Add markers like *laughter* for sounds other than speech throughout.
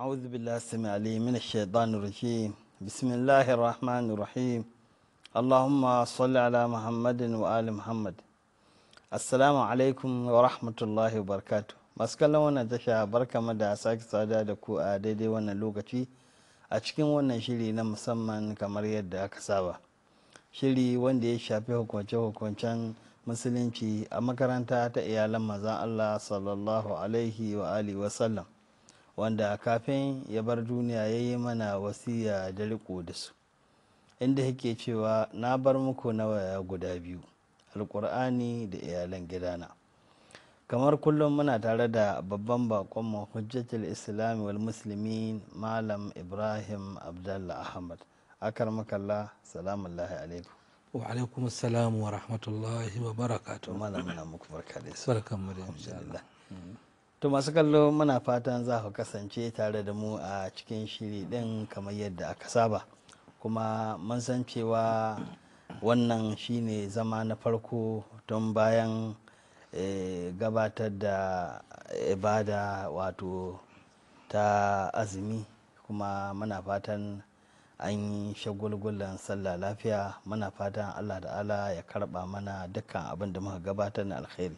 أعوذ بالله السميع العليم من الشيطان الرجيم بسم الله الرحمن الرحيم اللهم صل على محمد وآل محمد Assalamu alaikum wa rahmatullahi wa barakatu. Masu kallon wannan tasha barka da sake tsada da ku a daidai wannan lokaci a cikin wannan shiri na musamman kamar yadda aka saba. Shiri wanda ya shafi hukunce-hukuncen musulunci a makaranta ta iyalan maza Allah sallallahu alaihi wa alihi wasallam. wanda kafin ya bar duniya ya yi mana wasiya da riko da su inda yake cewa na bar muku nawaya guda biyu alkur'ani da iyalan gidana kamar kullum muna tare da babban bakon hujjatul islami wal muslimin malam ibrahim abdallah ahmad akar makalla salamun lahi alaikum wa alaikum assalamu wa rahmatullahi wa barakatuh malam muna muku barka da barkan mu da To masu kallo muna fatan za ku kasance tare da mu a cikin shiri ɗin kamar yadda aka saba. Kuma mun san cewa wannan shine zama na farko tun bayan eh, gabatar da ibada wato ta azumi kuma muna fatan an yi shagulgulan sallah lafiya muna fatan allah da ala ya karba mana dukkan abin da muka gabatar na alkhairi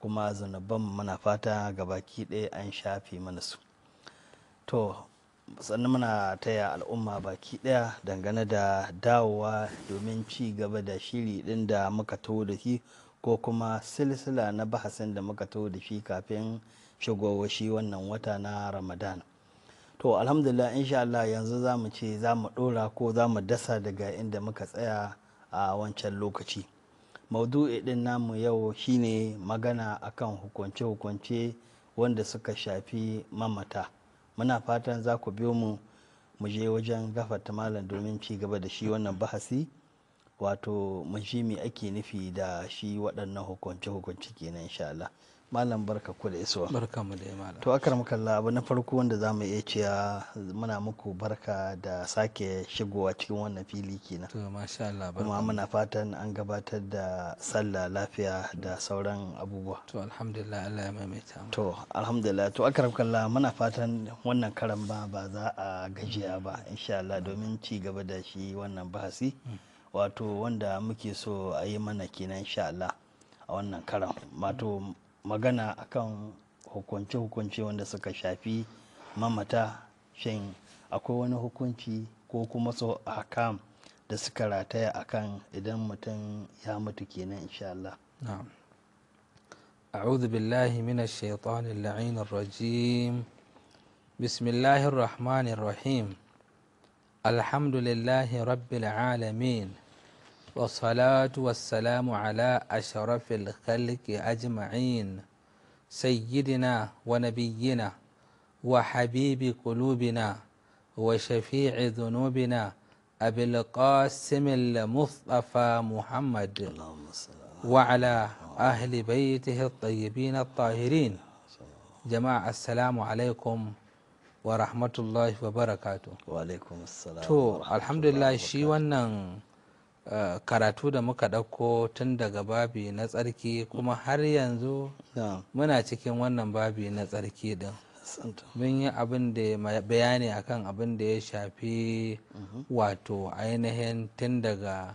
kuma zunuban muna fata ga baki ɗaya an shafe mana su to sannan muna taya al'umma baki ɗaya dangane da dawowa domin ci gaba da shiri ɗin da muka taho da shi ko kuma silsila na bahasin da muka taho da shi kafin shigowar shi wannan wata na ramadan to alhamdulillah insha Allah yanzu za mu ce za mu ɗora ko za mu dasa daga inda muka tsaya a wancan lokaci maudu'i ɗin namu yau shine magana akan hukunce-hukunce wanda suka shafi mamata muna fatan za ku biyo mu mu je wajen gafarta malam domin ci gaba da shi wannan bahasi wato mu shi me ake nufi da shi waɗannan hukunce-hukunce kenan insha Allah malam barka ku da isuwa barka mu da malam to akar kalla abu na farko wanda za mu iya cewa muna muku barka da sake shigowa cikin wannan fili kenan to masha Allah barka kuma muna fatan an gabatar da sallah lafiya da sauran abubuwa to alhamdulillah Allah ya maimaita to alhamdulillah to akar kalla muna fatan wannan karan ba ba za a gajiya ba insha Allah domin ci gaba da shi wannan bahasi hmm. wato wanda muke so a yi mana kenan insha Allah a wannan karan wato magana akan hukunce-hukunce wanda suka shafi mamata shin akwai wani hukunci ko kuma so akam da suka rataya akan idan mutum ya mutu kenan insha Allah. أعوذ بالله من الشيطان اللعين الرجيم بسم الله الرحمن الرحيم الحمد لله رب العالمين والصلاة والسلام على أشرف الخلق أجمعين سيدنا ونبينا وحبيب قلوبنا وشفيع ذنوبنا أبي القاسم المصطفى محمد وعلى أهل بيته الطيبين الطاهرين جماعة السلام عليكم ورحمة الله وبركاته وعليكم السلام تو الحمد لله alhamdulillah Eh, karatu da muka ɗauko tun daga babi na tsarki kuma har yanzu muna cikin wannan babi na tsarki ɗin mun yi abin da bayani akan abin da ya shafi mhm. wato ainihin tun daga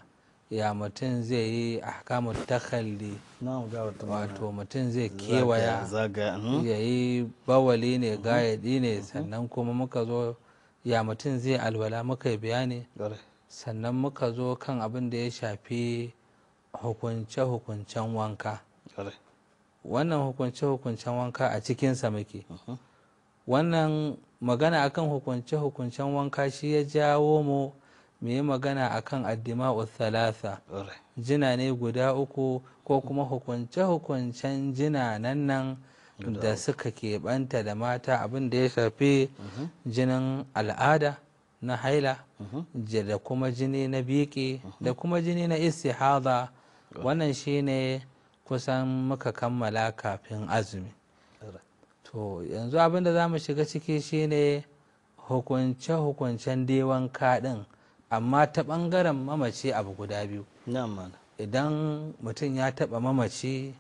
ya mutum zai yi ahkamu takalli wato mutum zai kewaya mhm. ya yi bawali ne mhm. gayadi ne sannan kuma muka zo ya mutum zai alwala muka yi bayani sannan muka zo kan abin da ya shafi hukunce-hukuncen wanka wannan hukunce-hukuncen wanka a cikinsa muke mm-hmm. wannan magana akan hukunce-hukuncen wanka shi ya jawo mu mu yi magana akan addima uthalatha jina ne guda uku ko kuma hukunce-hukuncen jina nan nan da suka keɓanta da mata abin da ya shafi mm-hmm. jinin al'ada na haila mhm. da kuma jini na biki mhm. da kuma jini na istihada wannan shine kusan muka kammala kafin azumi to yanzu abin da za mu shiga ciki shine hukunce-hukuncen dewan kaɗin amma ta ɓangaren mamaci abu guda biyu idan mutum ya taɓa mamaci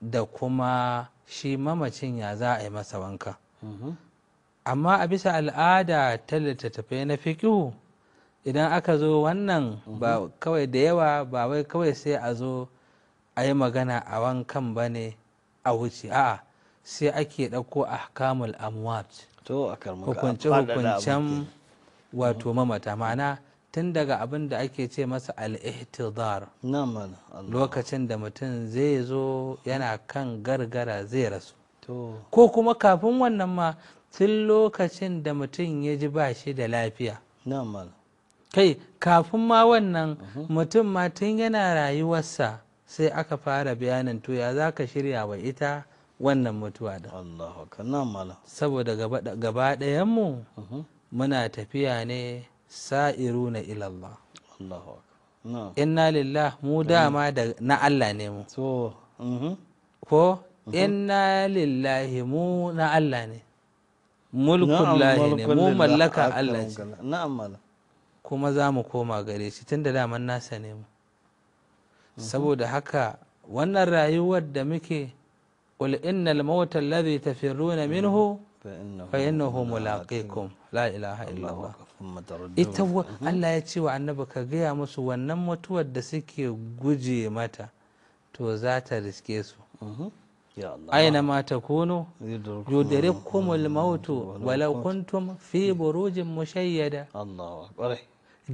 da kuma shi mamacin ya za a yi masa wanka mhm. amma a bisa al'ada ta littattafai na fikihu idan aka zo wannan ba mhm. kawai da yawa ba wai kawai sai a zo a yi magana a wankan ba ne a wuce a'a sai ake ɗauko a kamul amwat hukuncen wato mhm. mamata ma'ana tun daga abin da ake ce masa al'ihtidar lokacin da mutum zai zo yana kan gargara zai rasu ko kuma kafin wannan ma tun lokacin da mutum ya ji ba shi da lafiya kai kafin ma wannan mhm. mutum ma tun yana rayuwarsa sai aka fara bayanin tuya za ka shirya wa ita wannan mutuwa da saboda gaba ɗayanmu mhm. muna tafiya ne sa'iru na ilallah inna lillah mu mhm. dama da na Allah ne mu ko inna lillahi mu na Allah ne mulkun lahi ne mu mallaka Allah ce kuma za mu koma gare shi tunda daman nasa ne mu mhm. saboda haka wannan rayuwar da muke qul innal mawta alladhi tafirruna mhm. minhu fa innahu mulaqikum la ilaha illa ita mhm. Allah ya ce wa annabi ka gaya musu wannan mutuwar da suke guje mata to za ta riske su Aina تكونوا يدرككم الموت ولو كنتم في بروج مشيدة الله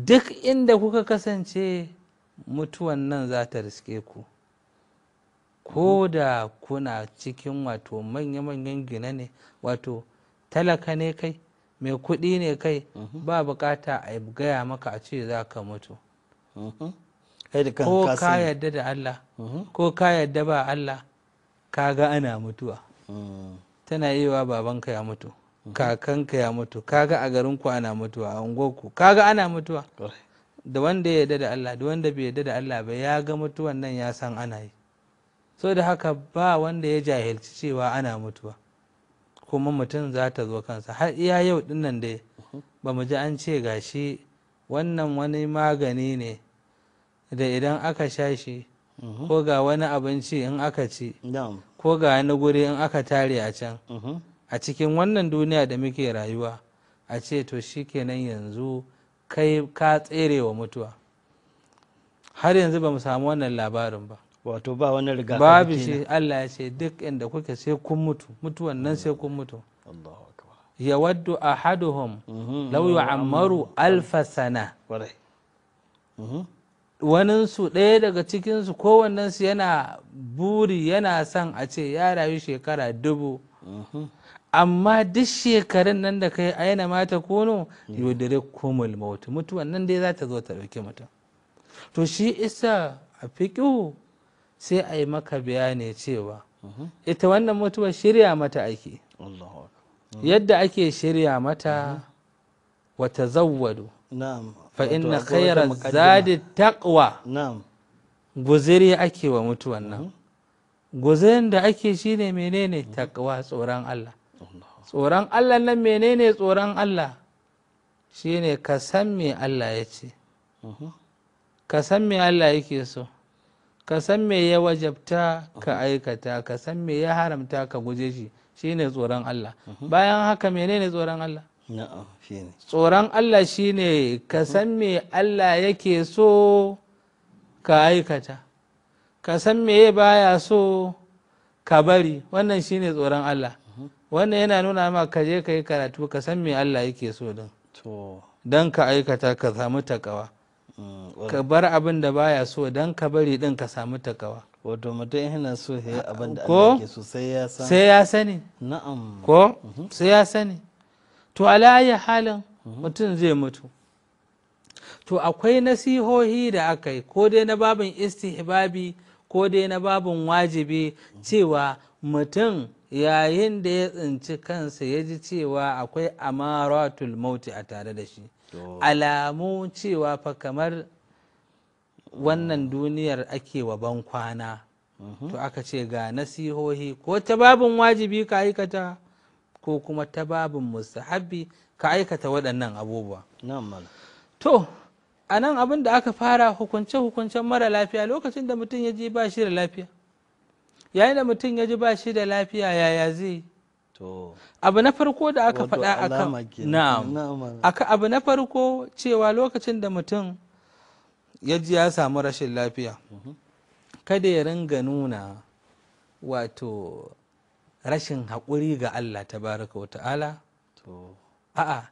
duk inda kuka kasance mutuwan nan za ta riske ku ko da kuna cikin wato manya-manyan gina ne wato talaka ne kai mai kuɗi ne kai mhm. ba bukata a gaya maka a ce za ka mutu mhm. ko ka yarda da Allah mhm. ko ka yarda ba Allah kaga ana mutuwa tana yiwa babanka ya mutu kakanka ya mutu kaga a garinku ana mutuwa a unguwarku kaga ana mutuwa da wanda ya da Allah da wanda bai yarda da Allah ba ya ga mutuwan nan ya san ana yi so da haka ba wanda ya jahilci cewa ana mutuwa kuma mutum za ta zo kansa har iya yau dinnan dai ba mu ji an ce gashi wannan wani magani ne da idan aka sha shi Mm-hmm. ko ga wani abinci in aka ci ko ga wani guri in aka tare a can mm-hmm. a cikin wannan duniya da muke rayuwa a ce to shikenan yanzu kai ka tsere wa mutuwa har yanzu ba mu samu wannan labarin ba wato ba wani riga babu shi Allah ya ce duk inda kuke sai kun mutu mutuwan nan sai kun mutu ya waddu a ahaduhum mm-hmm. law yu'ammaru alfa sana waninsu ɗaya daga cikinsu kowannensu yana buri yana son a ce ya rayu shekara dubu mhm. amma duk shekarun nan da kai aina mata kuno mm. yodire kumul mautu mutuwan nan dai za ta zo ta ɗauki mutum to shi isa a fiƙihu sai a yi maka bayani cewa mhm. ita wannan mutuwa shirya mata ake mm. yadda ake shirya mata mhm. wata zawwado fa inna khayra zadi taqwa na'am guziri ake wa mutuwan nan mhm. guzirin da ake shine menene mhm. taqwa tsoron Allah tsoron Allah nan menene tsoron Allah Shi ne ka san me Allah ya ce mhm. ka san me Allah yake so ka san me ya wajabta ka aikata ka san me ya haramta ka guje shi shine tsoron Allah bayan haka menene tsoron Allah tsoron Allah shine ka san me Allah yake so ka aikata ka san me baya so ka bari wannan shine tsoron Allah mhm. wannan yana nuna ma ka je ka yi karatu ka san me Allah yake so din don ka aikata ka samu takawa mm, ka bar abin da baya so don ka bari din ka samu takawa wato mutum yana so ya yi abin da Allah so sai ya sani ko sai ya sani to alayi halin mutum zai mutu to akwai nasihohi da aka yi ko dai na babin istihbabi ko dai na babin wajibi cewa mutum yayin da ya tsinci kansa ya ji cewa akwai amaratul mauti a tare da shi alamu cewa fa kamar wannan duniyar ake wa ban kwana mhm. to aka ce ga nasihohi ko ta babin wajibi ka aikata ko kuma ta babin mustahabbi ka aikata waɗannan abubuwa to a nan abin da aka fara hukunce hukuncen mara lafiya lokacin da mutum ya ji ba shi da lafiya yayin da mutum ya ji ba shi da lafiya yaya zai abu na farko da aka faɗa aka abu na farko cewa lokacin da mutum ya ji ya samu rashin lafiya mhm. kada ya ringa nuna wato rashin haƙuri ga allah ta baraka wa ta'ala a'a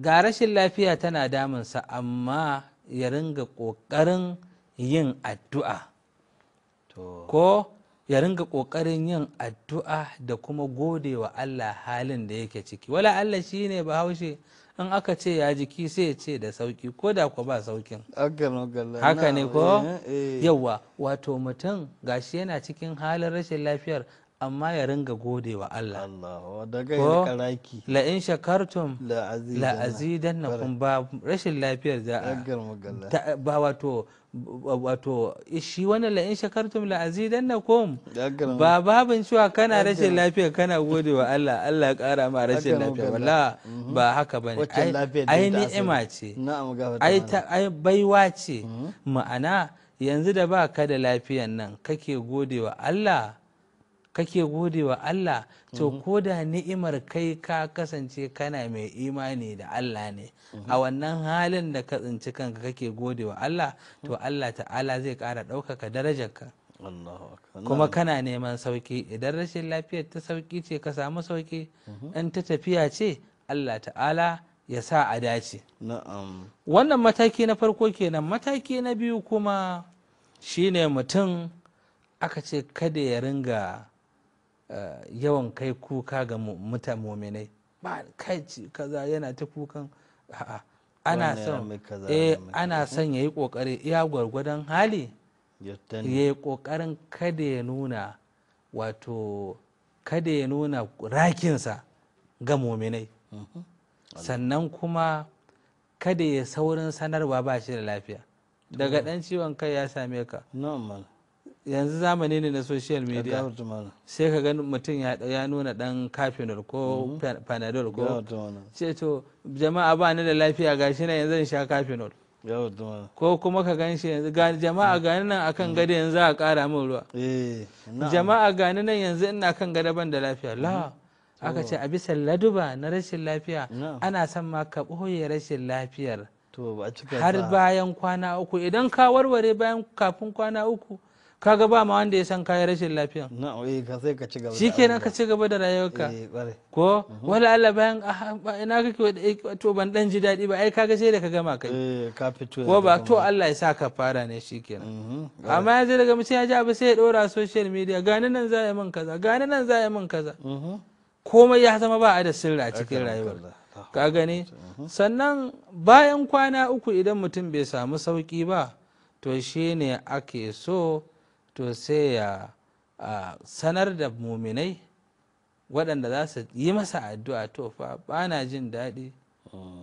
ga rashin lafiya tana damunsa amma ya ringa ƙoƙarin yin addu'a ko ya ringa ƙoƙarin yin addu'a da kuma gode wa allah halin da yake ciki wala allah shi shine bahaushe in aka ce ya jiki sai ya ce da sauƙi ko da ku ba sauƙin. haka ne ko eh, eh. yauwa wato mutum gashi yana cikin halin rashin lafiyar amma ya ringa gode wa Allah ko la'in shakartum la'azidan na kun ba rashin lafiyar za a ba wato wato shi wani la'in shakartum la'azidan na kun ba babin cewa kana rashin lafiya kana gode wa Allah Allah ya kara ma rashin lafiya wala mhm. ba haka ba ne ai ni'ima ce ai baiwa ce mhm. ma'ana yanzu da ba ka da lafiyan nan kake gode wa Allah kake gode wa Allah to mhm. ko da ni'imar kai ka kasance kana mai imani da Allah ne mhm. a wannan halin da ka tsinci kanka kake gode wa Allah to mhm. Allah ta'ala zai ƙara ɗaukaka darajarka kuma kana neman sauki idan rashin lafiyar ta sauki ce ka samu sauki in ta tafiya ce Allah ta'ala ya sa a dace wannan mataki na farko kenan mataki na biyu kuma shine mutum aka ce kada ya ringa yawan kai kuka ga mutan mominai ba kai kaza yana ta kukan eh, ana son ana son yayi kokari iya gwargwadon hali ya yi kokarin kada ya nuna wato kada ya nuna rakinsa ga mominai mm-hmm. sannan kuma kada ya saurin sanarwa ba shi da lafiya daga dan ciwon kai ya same ka yanzu zamani ne na social media sai ka gani mutum ya nuna dan kafinol ko mhm. panadol ko ce to jama'a ba ni da lafiya shi na yanzu sha kafinol ko kuma ka gan shi yanzu jama'a gani nan akan mhm. gada yanzu a kara min ruwa eh, jama'a gani nan yanzu ina kan gada ban da lafiya la mhm. aka ce a bisa laduba na rashin lafiya ana son ma ka ɓoye rashin lafiyar har bayan kwana uku idan ka warware bayan kafin kwana uku kaga ba ma wanda ya san kayan rashin lafiya eh, shikenan ka ci gaba da rayuwarka eh, ko mhm. wala Allah bayan ah, ah, ina kake eh, to ban dan ji daɗi ba ai kaga sai da ka gama kai ko ba to Allah ya sa ka fara ne shikenan mhm, amma yanzu daga mutum ya ji abu sai ya ɗora social media gani nan za a min kaza gani nan za a min kaza mhm. komai ya zama ba a da sirra a cikin rayuwar ka gani sannan bayan kwana uku idan mutum bai samu sauki ba to shine ake so to sai ya sanar da muminai waɗanda za su yi masa addu'a to fa ba jin daɗi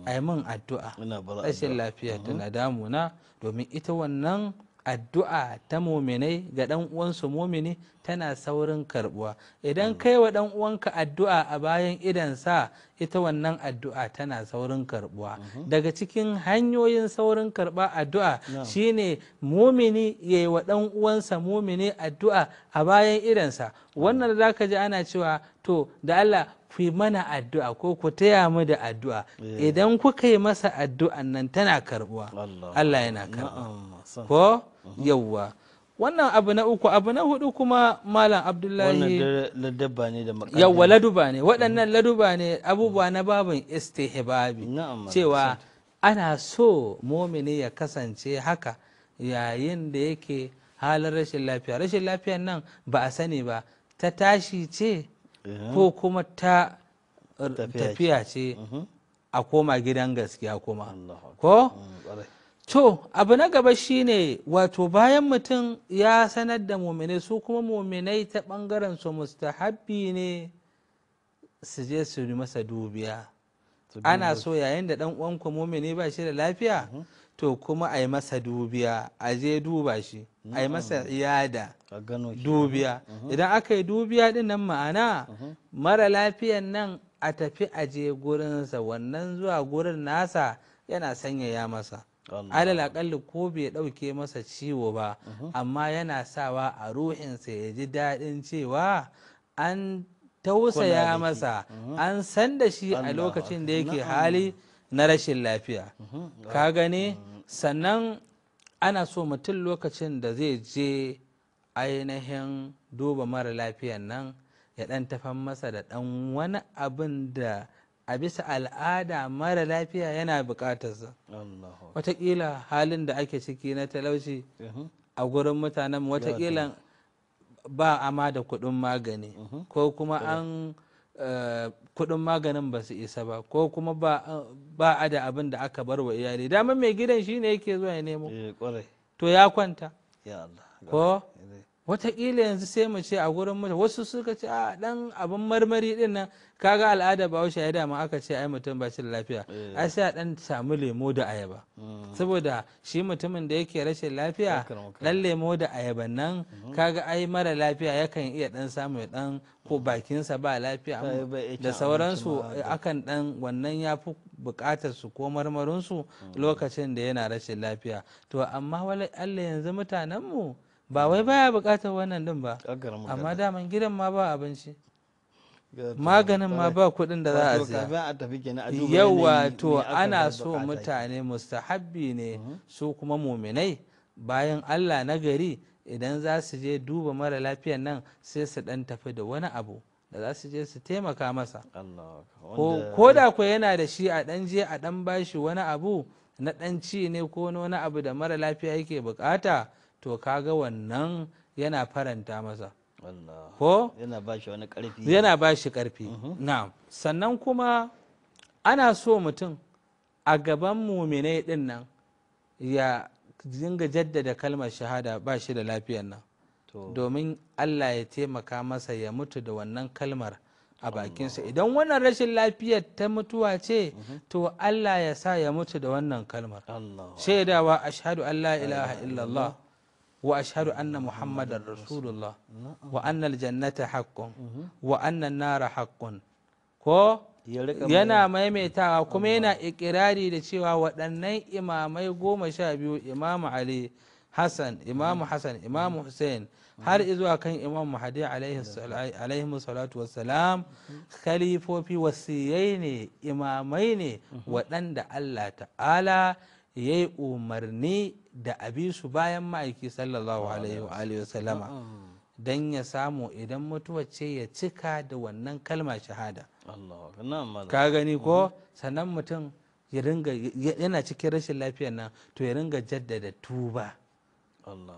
a yi min addu'a rashin lafiya mm-hmm. tana damuna domin ita wannan addu'a ta muminai ga ɗan uwansu mumini tana saurin karbuwa idan mm. kai wa ɗan uwanka addu'a a bayan sa. ita wannan addu'a tana saurin karbuwa mhm. daga cikin hanyoyin saurin karba addu'a shine mumini ya yi wa ɗan uwansa mumini addu'a a bayan idansa wannan za ka ji ana cewa to da Allah ku yi mana addu'a ko ku taya mu da addu'a eh. idan kuka yi masa addu'an nan tana karbuwa Allah yana karbuwa ko mhm. yawwa wannan abu na uku abu na hudu kuma malam abdullahi yawwa laduba ne waɗannan laduba ne abubuwa na babin istihbabi cewa ana so momini ya kasance haka yayin da yake halar rashin lafiya rashin lafiya nan ba a sani ba ta tashi ce ko kuma ta tafiya ce mhm. a koma gidan gaskiya kuma ko mm, to abu na gaba shine wato bayan mutum ya sanar da muminai su kuma muminai ta ɓangaren su mustahabbi ne su je su yi masa dubiya ana so yayin da ɗan uwanku mumini ba shi da lafiya mhm. to kuma a yi masa dubiya a je duba shi a yi masa mhm. iyada dubiya mhm. idan aka yi dubiya din nan ma'ana mara lafiyan nan a tafi a je gurinsa wannan zuwa gurin nasa yana sanyaya masa alal akalli ko bai ɗauke masa ciwo ba mhm. amma yana sawa a ruhinsa ya ji daɗin cewa an tausaya masa mhm. an san da shi a lokacin da yake hali na rashin lafiya mhm. ka gani mm. sannan ana so mutum lokacin da zai je ainihin duba mara lafiyan nan ya ɗan tafan masa da ɗan wani abin da a bisa al'ada mara lafiya yana su. watakila halin da ake ciki na talauci mm-hmm. a gurin mutanen watakila ba ma da kuɗin magani mm-hmm. ko kuma an eh, kuɗin maganin ba su isa ba ko kuma ba a da abin da aka bar wa iyali daman mai gidan shi ne yake zuwa ya nemo eh, to ya kwanta ko wataƙila yanzu sai mu ce a gurin mutum wasu suka ce a ah, dan abin marmari din nan kaga al'ada ba wasu ya dama aka ce ai mutum ba shi da lafiya eh. a sai a dan samu lemo da ayaba mm. saboda shi mutumin da yake rashin lafiya dan lemo da ayaba nan mm-hmm. kaga ai mara lafiya yakan iya dan samu ya dan ko mm. bakinsa ba lafiya da sauransu eh, akan dan wannan yafi fi bukatar su ko marmarinsu mm. lokacin da yana rashin lafiya to amma wala Allah yanzu mutanen mu ba wai baya bukatar wannan din ba amma daman gidan ma ba abinci maganin ma ba kuɗin da za a siya to ana so mutane mustahabbi ne mm-hmm. su kuma muminai bayan allah na gari idan za su je duba mara lafiyan nan sai su ɗan tafi da wani abu da za su je su taimaka masa ko da ku yana da shi a ɗan je a ɗan bashi wani abu na ɗan ci ne ko wani abu da mara lafiya yake bukata to kaga wannan yana faranta masa ko yana ba shi wani karfi yana ba shi karfi mhm. na'am sannan kuma ana so mutum a gaban muminai din nan ya dinga jaddada kalmar shahada ba shi da lafiyar nan domin allah ya taimaka masa ya mutu da wannan kalmar a bakinsa idan wannan rashin lafiyar ta mutuwa ce mhm. to allah ya sa ya mutu da wannan kalmar shaidawa ashadu allah ilaha illallah وأشهد أن محمد رسول الله وأن الجنة حق وأن النار حق ko yana maimaitawa kuma yana ikirari da cewa waɗannan imamai goma sha biyu imamu ali hassan imamu mhm. hassan imamu mhm. hussein mhm. har izuwa kan imamu hadi alaihi salatu wassalam khalifofi wasiyai ne imamai ne waɗanda allah ta'ala ya yi umarni da abi su bayan ma'aiki sallallahu alaihi sallama don ya samu idan mutuwa ce ya cika da wannan kalma shahada ka gani ko mhm. sannan mutum yana cikin rashin lafiyar nan to ya ringa jaddada tuba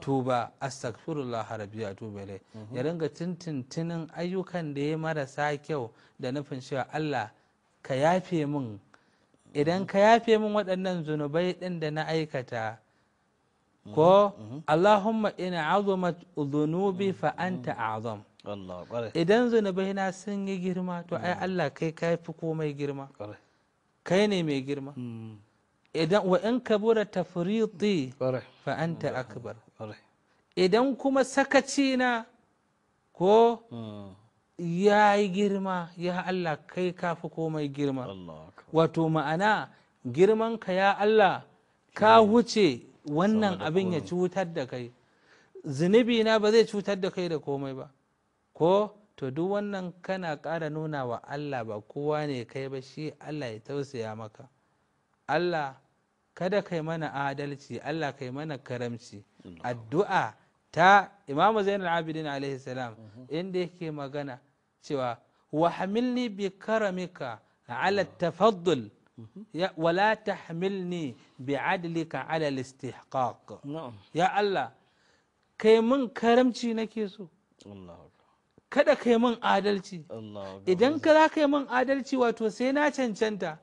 tuba astaghfirullah rabbiya tuba ilai mhm. ya ringa tintintinin ayyukan da ya marasa kyau da nufin cewa Allah ka yafe min idan ka yafe min waɗannan zunubai ɗin da na aikata mhm, ko mhm. Allahumma ina azumat zunubi fa anta azam idan zunubai na sun yi girma to ai mhm. Allah kai ka fi komai girma kai ne mai girma hmm. idan wa in kabura tafriti fa anta akbar idan kuma sakaci na ko hmm. ya yi girma ya Allah kai kafi komai girma wato ma'ana girmanka ya Allah ka wuce wannan abin ya cutar da kai zunubi na ba zai cutar da kai da komai ba ko to duk wannan kana ƙara nuna wa Allah ba kowa ne kai ba shi Allah ya tausaya maka Allah kada kai mana adalci Allah kai mana karamci addu'a ta imamu zainal abidin alaihi salam mhm. inda yake magana cewa wa hamilni bi karamika ala tafaddul wala tahmilni bi adlika ala istihqaq ya Allah kai mun karamci nake so kada kai mun adalci idan ka za kai mun adalci wato sai na cancanta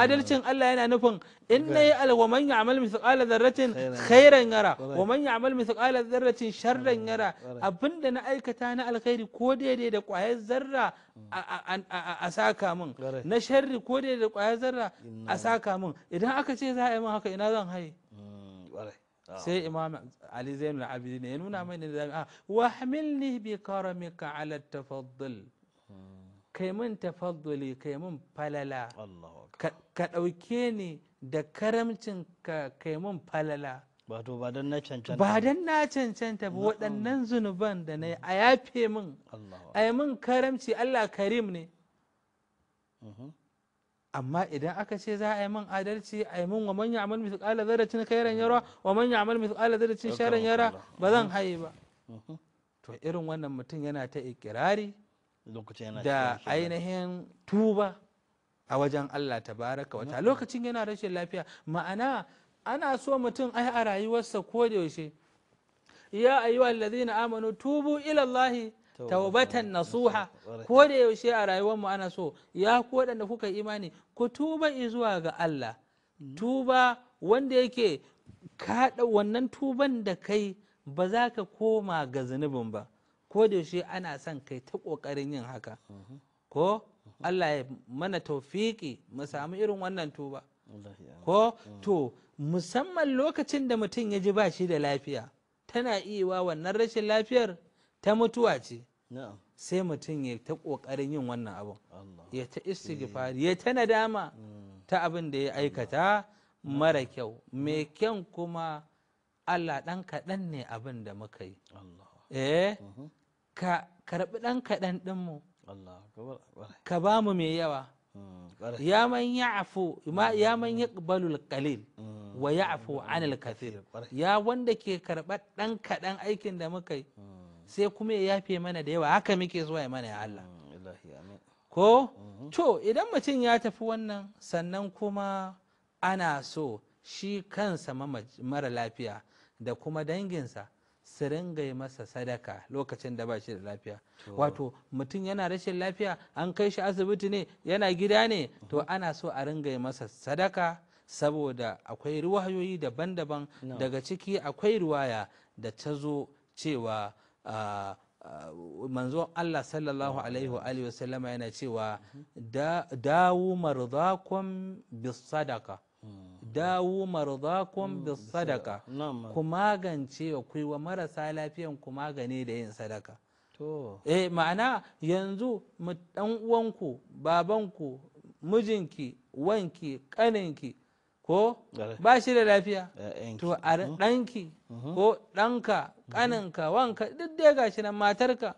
adalcin Allah yana nufin in na yi wa man ya'mal mithqala dharratin khairan yara wa man ya'mal mithqala dharratin sharran yara abinda na aikata na alkhairi ko daidai da kwayar zarra a saka min na sharri ko daidai da kwayar zarra a saka min idan aka ce za a yi min haka ina zan haye mm, ah. sai imam ali zainul abidin ya nuna mai nizami ah, wa hamilni bi karamika ala tafaddul mm. kai min tafadduli kai min falala ka ɗauke ni da karamcin ka kai mun falala wato ba don na cancanta ba don na cancanta ba waɗannan zunuban da na yi a yafe min a yi min karamci Allah karim ne mhm. amma idan aka ce za a yi min adalci a yi min wa manya amal mithqala dharratin kairan yara mhm. wa manya amal mithqala dharratin sharan yara ba zan mhm. haye ba to irin wannan mutum yana ta ikirari da ainihin tuba a wajen Allah tabaraka wata lokacin yana rashin lafiya ma'ana ana so mutum ai a rayuwarsa ko da yaushe ya ayyuhal ladina amanu tubu ila Allah tawbatan nasuha *laughs* ko da yaushe a rayuwar mu ana so ya ku waɗanda kuka imani ku tuba zuwa ga Allah mm. tuba wanda yake kaɗa wannan tuban da kai ba za ka koma ga zunubin ba ko da yaushe ana son kai ta ƙoƙarin yin haka mm-hmm. ko Allah ya mana taufiki mu samu irin wannan tuba ko mm. to musamman lokacin da mutum ya ji ba shi da lafiya tana iya wannan rashin lafiyar ta mutuwa ce sai mutum ya ta kokarin yin wannan abun ya ta istighfar eh. ya ta nadama mm. ta abin da ya aikata mm. mara kyau mai kyan kuma Allah ɗan kaɗan ne abin da muka yi eh mm-hmm. ka karɓi ɗan kaɗan ɗinmu ka ba mu mai yawa mm, ya man ya'fu ya man ya al mm. wa ya'fu 'an ya wanda ke karɓar ɗan kaɗan aikin da muka yi mm. sai kuma ya yafe mana da yawa haka muke zuwa ya mana ya Allah ko mm-hmm. to idan mutum ya tafi wannan sannan kuma ana so shi kansa mara lafiya da kuma danginsa su ringa masa sadaka lokacin da ba shi da lafiya wato mutum yana rashin lafiya an kai shi asibiti ne yana gida ne to mhm. ana so a ringa masa sadaka saboda akwai ruwayoyi daban-daban daga ciki akwai ruwaya da ta zo cewa manzo Allah sallallahu alaihi wasallama yana cewa mhm. dawo marzakum bis sadaka dawo marzakon mm, bi sadaka ku magance wa wa marasa lafiyan ku magane da yin sadaka eh ma'ana yanzu dan uwanku babanku mijinki wanki kaninki ko ba shi da lafiya to a mm-hmm. ɗanki mm-hmm. ko ɗanka ƙaninka mm-hmm. wanka duk dai gashi nan matarka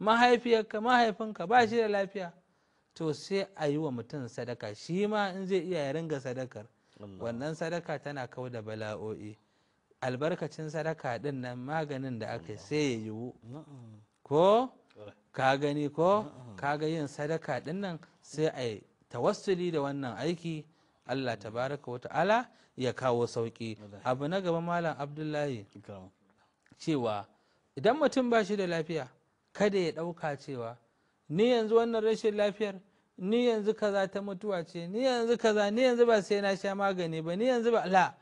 mahaifiyarka mahaifinka ba shi da lafiya to sai a yi wa mutum sadaka shi ma in zai iya ya ringa sadakar wannan sadaka tana kau da bala'o'i albarkacin sadaka din nan maganin da aka sai ya yiwu ko ka gani ko kaga yin sadaka din nan sai a tawassuli da wannan aiki allah tabaraka wa ta'ala ya kawo sauki abu na gaba malam abdullahi cewa idan mutum ba shi da lafiya kada ya ɗauka cewa ni yanzu wannan rashin lafiyar ni yanzu kaza ta mutuwa ce ni yanzu kaza ni yanzu ba sai na sha magani ba ni yanzu ba la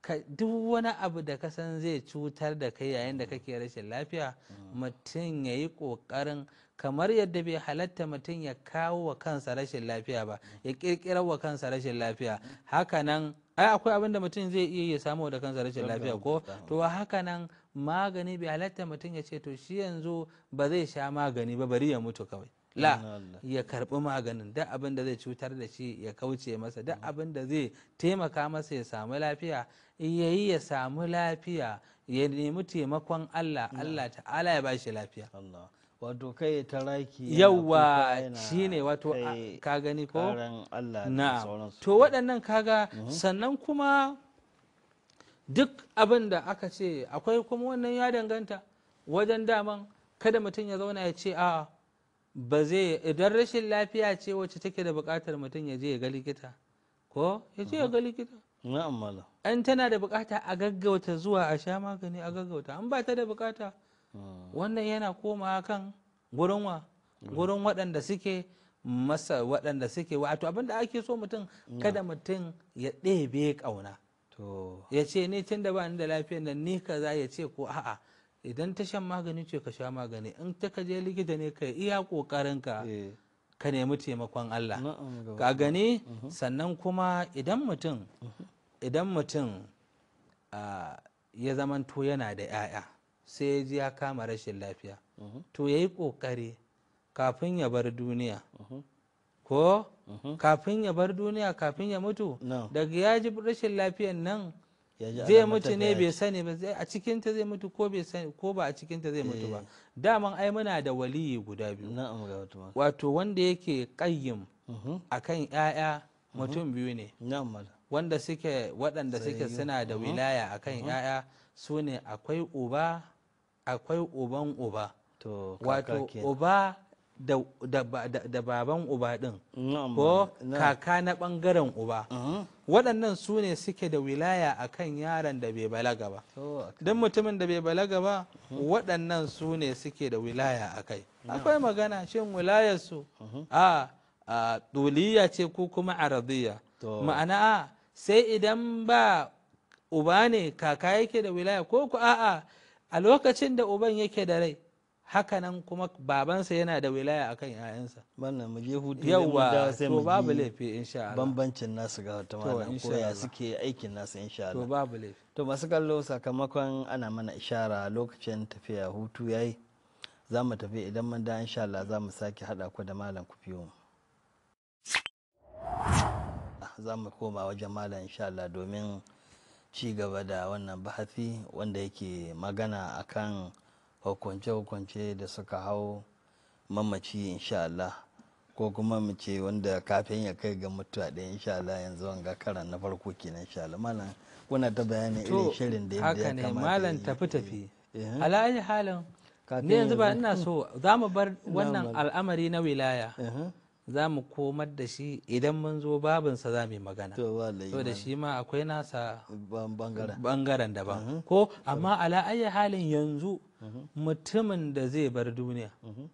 ka duk wani abu da ka san zai cutar da kai yayin da kake rashin lafiya mm. mutum ya yi ƙoƙarin kamar yadda bai halatta mutum ya kawo wa kansa rashin lafiya ba ya ƙirƙirar wa kansa rashin lafiya hakanan ai akwai abin da mutum zai iya ya samu da kansa rashin lafiya ko to haka nan magani bai halatta mutum ya ce to shi yanzu ba zai sha magani ba bari ya mutu kawai la ya karbi maganin duk abin da zai cutar da shi ya kauce masa duk mm. abin da zai taimaka masa ya samu lafiya ya yi ya samu lafiya ya nemi taimakon Allah Allah ta'ala ya bashi lafiya wato kai ya yawa shine wato ka gani ko na to waɗannan kaga mm-hmm. sannan kuma duk abin da aka ce akwai kuma wannan ya danganta wajen daman kada mutum ya zauna ya ce a ba zai idan rashin lafiya ce wacce take da buƙatar mutum ya je ya ga likita ko ya je ya ga likita na'am malam an tana da buƙata a gaggauta zuwa a sha magani a gaggauta an ba ta da buƙata hmm. wannan yana komawa kan gurin wa gurin waɗanda suke masa waɗanda suke wato abin da ake so mutum hmm. kada mutum ya ɗebe ƙauna ya ce ni tun da ba ni da lafiyan nan ni kaza ya ce ko a'a idan ta shan magani ce ka sha magani in ta ka je likita ne ka iya kokarin ka eh. ka nemi taimakon Allah ka gani mhm. sannan kuma idan mutum mhm. idan mutum ya zamanto yana da 'ya'ya sai ya ji ya kama rashin lafiya mhm. to ya yi kokari kafin ya bar duniya ko kafin ya bar duniya kafin ya mutu daga ya ji rashin lafiyan nan zai mutu ne bai sani ba a cikin ta zai mutu ko bai sani ko ba a cikin ta zai mutu ba eh. daman ai muna da waliyi guda biyu wato wanda yake qayyim mhm. akan 'ya'ya mhm. mutum biyu ne wanda suke waɗanda suke suna da mhm. wilaya akan 'ya'ya su ne akwai uba akwai uban uba wato uba da baban uba din ko kaka na bangaren uba uh-huh. waɗannan su ne suke da wilaya a kan yaron da bai balaga ba don mutumin da bai balaga ba uh-huh. waɗannan su ne suke da wilaya a kai akwai magana shin wilayarsu uh-huh. a ɗuliya ce ko kuma arabiya ma'ana sai idan ba uba ne kaka yake da wilaya ko ku a'a a lokacin da uban yake da rai hakanan kuma babansa yana da wilaya akan yayansa wannan mu je hutu yawa to babu laifi insha Allah bambancin nasu ga wata malam ko ya suke aikin nasu insha Allah to babu laifi to masu kallo sakamakon ana mana ishara lokacin tafiya hutu yayi za mu tafi idan mun da insha Allah za mu sake hada ku da malam ku fiyo za mu koma wajen malam insha Allah domin ci gaba da wannan bahasi wanda yake magana akan hukunce-hukunce da suka hau mamaci insha Allah ko kuma mu ce wanda kafin ya kai ga mutuwa ɗaya insha Allah yanzu wanga karan na farko kenan insha Allah malam kuna ta bayanin irin shirin da ya kamata haka ne malam tafi tafi eh, eh. alaji halin ne yanzu ba ina so za mu bar *laughs* wannan al'amari na wilaya eh, za mu komar da shi idan mun zo babinsa za mu yi magana to da shi ma akwai nasa bangaren daban ko amma ala halin yanzu mutumin da zai bar duniya mhm.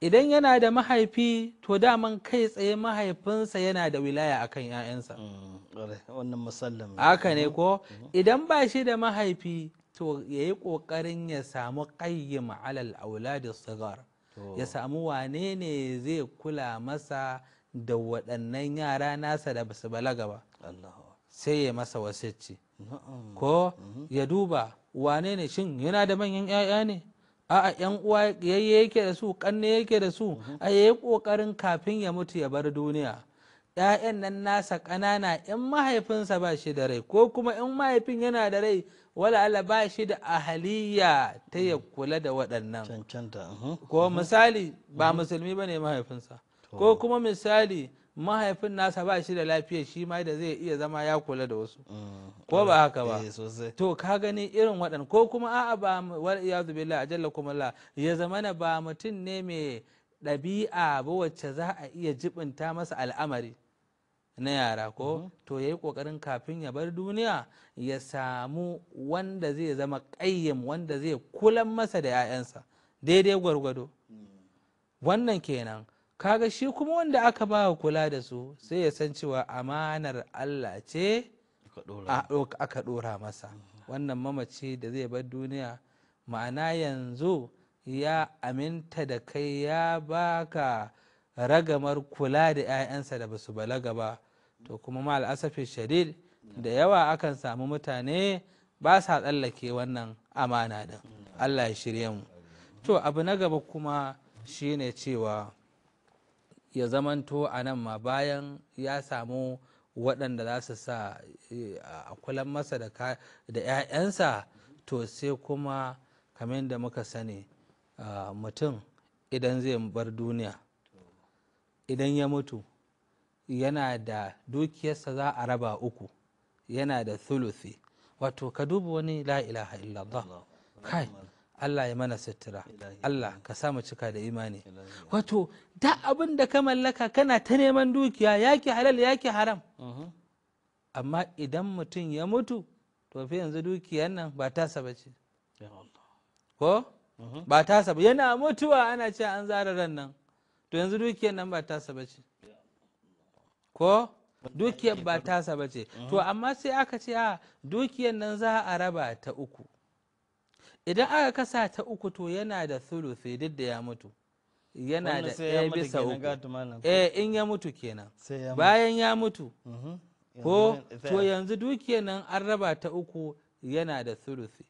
idan yana da mahaifi to daman kai tsaye mahaifinsa yana da wilaya akan 'ya'yansa mm, wannan musallam haka ne ko mhm. idan ba shi da mahaifi to ya yi ƙoƙarin ya samu ƙayyim alal auladi sigar ya samu wane ne zai kula masa da waɗannan yara nasa da basu balaga ba sai ya masa wasicci ko mhm. ya duba wane ne shin yana da manyan 'ya'ya ne a'a yan uwa yayye yake da su kanne yake da su mhm. a yayi kokarin kafin ya mutu ya bar duniya ‘ya'yan nan nasa ƙanana in mahaifinsa ba shi da rai ko kuma in mahaifin yana da rai wala ala ba shi da ahaliya ta ya mm. kula da waɗannan mhm. ko mhm. misali ba musulmi ba ne mahaifinsa ko kuma misali mahaifin nasa ba shi da lafiya shi ma da zai iya zama ya kula da wasu mm. ko ba haka ba eh, to ka gani irin waɗan ko kuma a'a ba wal iyadu billah ajalla kumalla ya zama na ba mutum ne mai ɗabi'a ba wacce za a iya jibinta masa al'amari na yara ko mm-hmm. to ya yi ƙoƙarin kafin ya bar duniya ya samu wanda zai zama ƙayyam wanda zai kulan masa da 'ya'yansa daidai gwargwado mm. wannan kenan kaga shi kuma wanda aka ba kula da su sai ya san cewa amanar allah ce aka ɗora masa wannan mamaci da zai bar duniya ma'ana yanzu ya aminta da kai ya baka ragamar kula da 'ya'yansa da basu balaga ba to kuma ma al'asafi shadid da yawa akan samu mutane ba sa tsallake wannan amana din allah ya shirye mu to abu na gaba kuma shine cewa ya zamanto a nan ma bayan ya samu waɗanda za su sa eh, a kulan masa da 'ya'yansa to sai kuma kamar da muka sani ah, mutum idan zai bar duniya idan ya mutu yana da dukiyarsa za a raba uku yana da thuluthi wato ka duba wani la ilaha illallah kai Allah ya mana sutura Allah ka samu cika da imani wato da abin da ka mallaka kana ta neman dukiya yaki halal yaki haram uh-huh. amma idan mutum ya mutu to fi yanzu dukiyar nan ba tasa saba ce ko uh-huh. ba tasa ba yana mutuwa ana ce an zara ran nan to yanzu dukiyar nan ba tasa saba ce ko dukiyar ba tasa saba ce uh-huh. to amma sai aka ce a ah, dukiyar nan za a raba ta uku idan aka kasa ta uku to yana da thuluthi duk da ya mutu yana da ɗaya bisa uku eh in ya mutu kenan bayan ya mutu mhm. ko to yanzu dukiyar nan an raba ta uku yana da thuluthi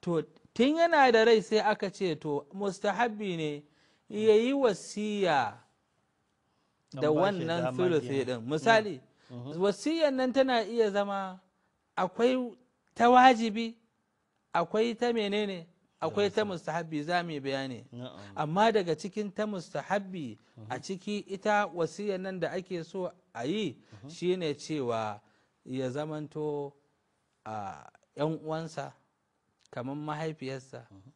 to tun yana da rai sai aka ce to mustahabbi ne ya yi wasiya da wannan thuluthi din misali mhm. Mhm. wasiyan nan tana iya zama akwai ta wajibi akwai ta menene akwai ta mustahabbi za mu bayani amma daga cikin ta mustahabbi a mhm. ciki ita wasiyar nan da ake so a yi mhm. shine cewa ya zamanto a yan uwansa kamar mahaifiyarsa mhm.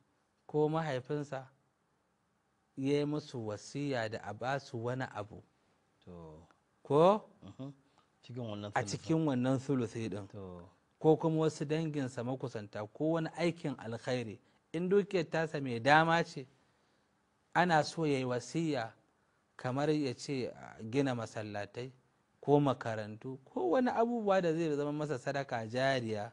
ko mahaifinsa ya yi musu wasiya da a ba su wani abu ko a cikin wannan sulusi din ko kuma wasu danginsa makusanta ko wani aikin alkhairi in dukiyar tasa mai dama ce ana so ya yi wasiya kamar ya ce gina masallatai ko makarantu ko wani abubuwa da zai zama masa sadaka jariya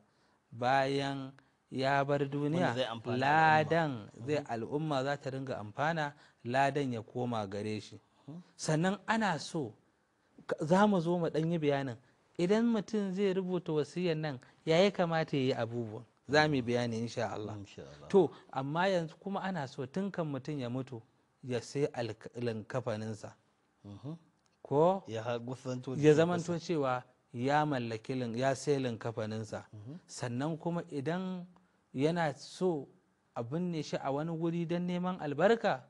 bayan ya bar duniya ladan mm-hmm. zai al'umma za ta ringa amfana ladan ya koma gare shi mm-hmm. sannan ana so za mu zo mu ɗanyi bayanin idan mutum zai rubuta wasiyan nan ya ya kamata ya yi abubuwan za mu bayani insha Allah to amma yanzu kuma ana so tun kan mutum ya mutu ya sai linkafaninsa mhm. ko ya zamanto cewa ya mallaki ya sai linkafaninsa mhm. sannan kuma idan yana so a binne shi a wani wuri don neman albarka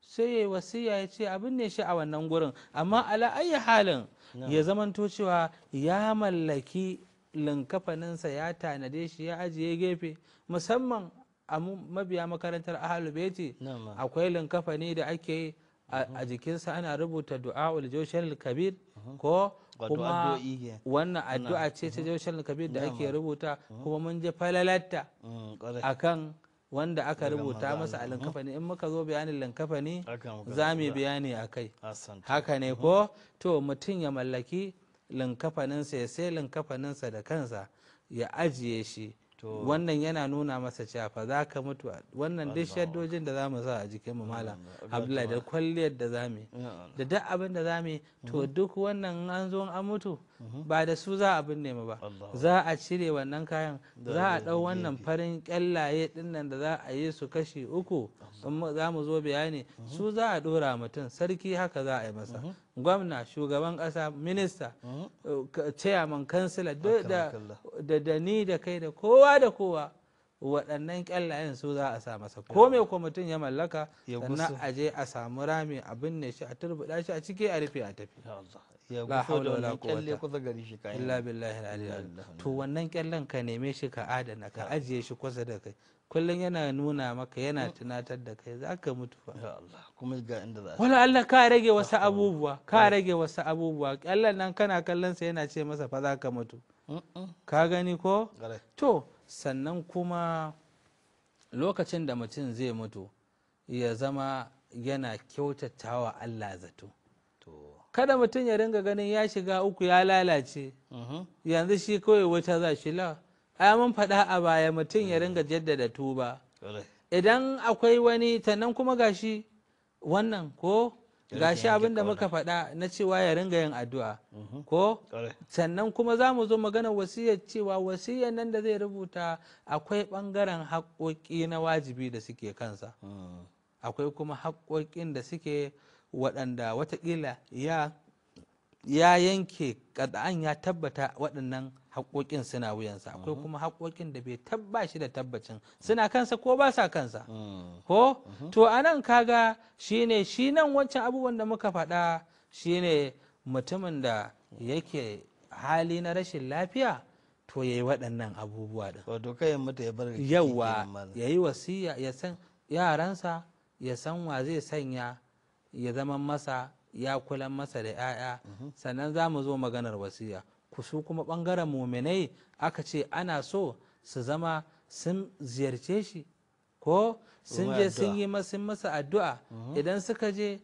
sai ya yi wasiya ya ce a binne shi a wannan gurin amma ala halin ya zamanto cewa ya mallaki linkafaninsa ya tanade shi ya ajiye gefe musamman a mabiya makarantar ahalu beti akwai linkafani da ake yi a jikinsa ana rubuta du'a joshen kabir mhm. ko kuma wannan addu'a ce ta mhm. joshen kabir da ake rubuta mhm. kuma mun ji falalatta mm, akan wanda aka rubuta masa a linkafani in muka zo bayanin linkafani za mu bayani a kai haka ne ko to mutum ya mallaki linkafaninsa ya sai linkafaninsa da kansa ya ajiye shi wannan yana nuna masa cewa fa za ka mutu wannan duk shaddojin da za mu sa a jikin mu malam abdullahi da kwalliyar da za mu da duk abin da za mu to mhm. duk wannan an zo an mutu Mhm. ba da su za a binne mu ba za a cire wannan kayan za a ɗau wannan farin ƙyallaye dinnan da za a yi su kashi uku za mu zo bayani mhm. su za a ɗora mutum sarki haka za a yi masa mhm. gwamna shugaban ƙasa minista uh, chairman kansila da ni da kai da kowa da kowa waɗannan ƙyallayen su za a sa masa ko me mutum ya mallaka sannan a je a samu rami a binne shi a turbuɗa shi a cike a rufe a tafi ya gusho da kyalle kusa gari shi kayan illa billahi aliyah to wannan kyallen ka neme shi ka adana ka ajiye shi kusa da kai kullum yana nuna maka yana mm. tunatar da kai za ka mutu fa kuma ga inda za wala Allah ka rage wasu abubuwa ka rage wasu abubuwa kyallen nan kana kallon sa yana ce masa fa za ka mutu ka gani ko to sannan kuma lokacin da mutum zai mutu ya zama yana kyautatawa Allah zato kada mutum ya ringa ganin ya shiga uku ya lalace uh-huh. yanzu shi kawai wata za shi la ai mun faɗa a baya mutum ya ringa jaddada tuba idan akwai wani tannan kuma gashi wannan ko gashi abin da muka faɗa na cewa ya ringa yin addu'a uh-huh. ko sannan kuma za mu zo magana wasiyar cewa wasiyar nan da zai rubuta akwai ɓangaren haƙoƙi na wajibi da suke kansa hmm. akwai kuma haƙoƙin da suke waɗanda watakila ya ya yanke kada'an ya tabbata waɗannan haƙoƙin suna wuyansa akwai mhm. kuma haƙoƙin da bai tabba shi da tabbacin suna kansa ko ba sa kansa mm. ko mhm. to anan kaga shine shi nan wancan abubuwan da muka faɗa shine mutumin da yake hali na rashin lafiya to ya yi waɗannan abubuwa da wato kayan mata ya bar yawa ya yi wasiya ya san yaransa ya san wa zai sanya ya zama masa ya kula masa da 'ya'ya mhm. sannan za mu zo maganar wasiya ku su kuma bangaren muminai aka ce ana so su zama sun ziyarce shi ko sun je sun yi masa addu'a mhm. idan suka je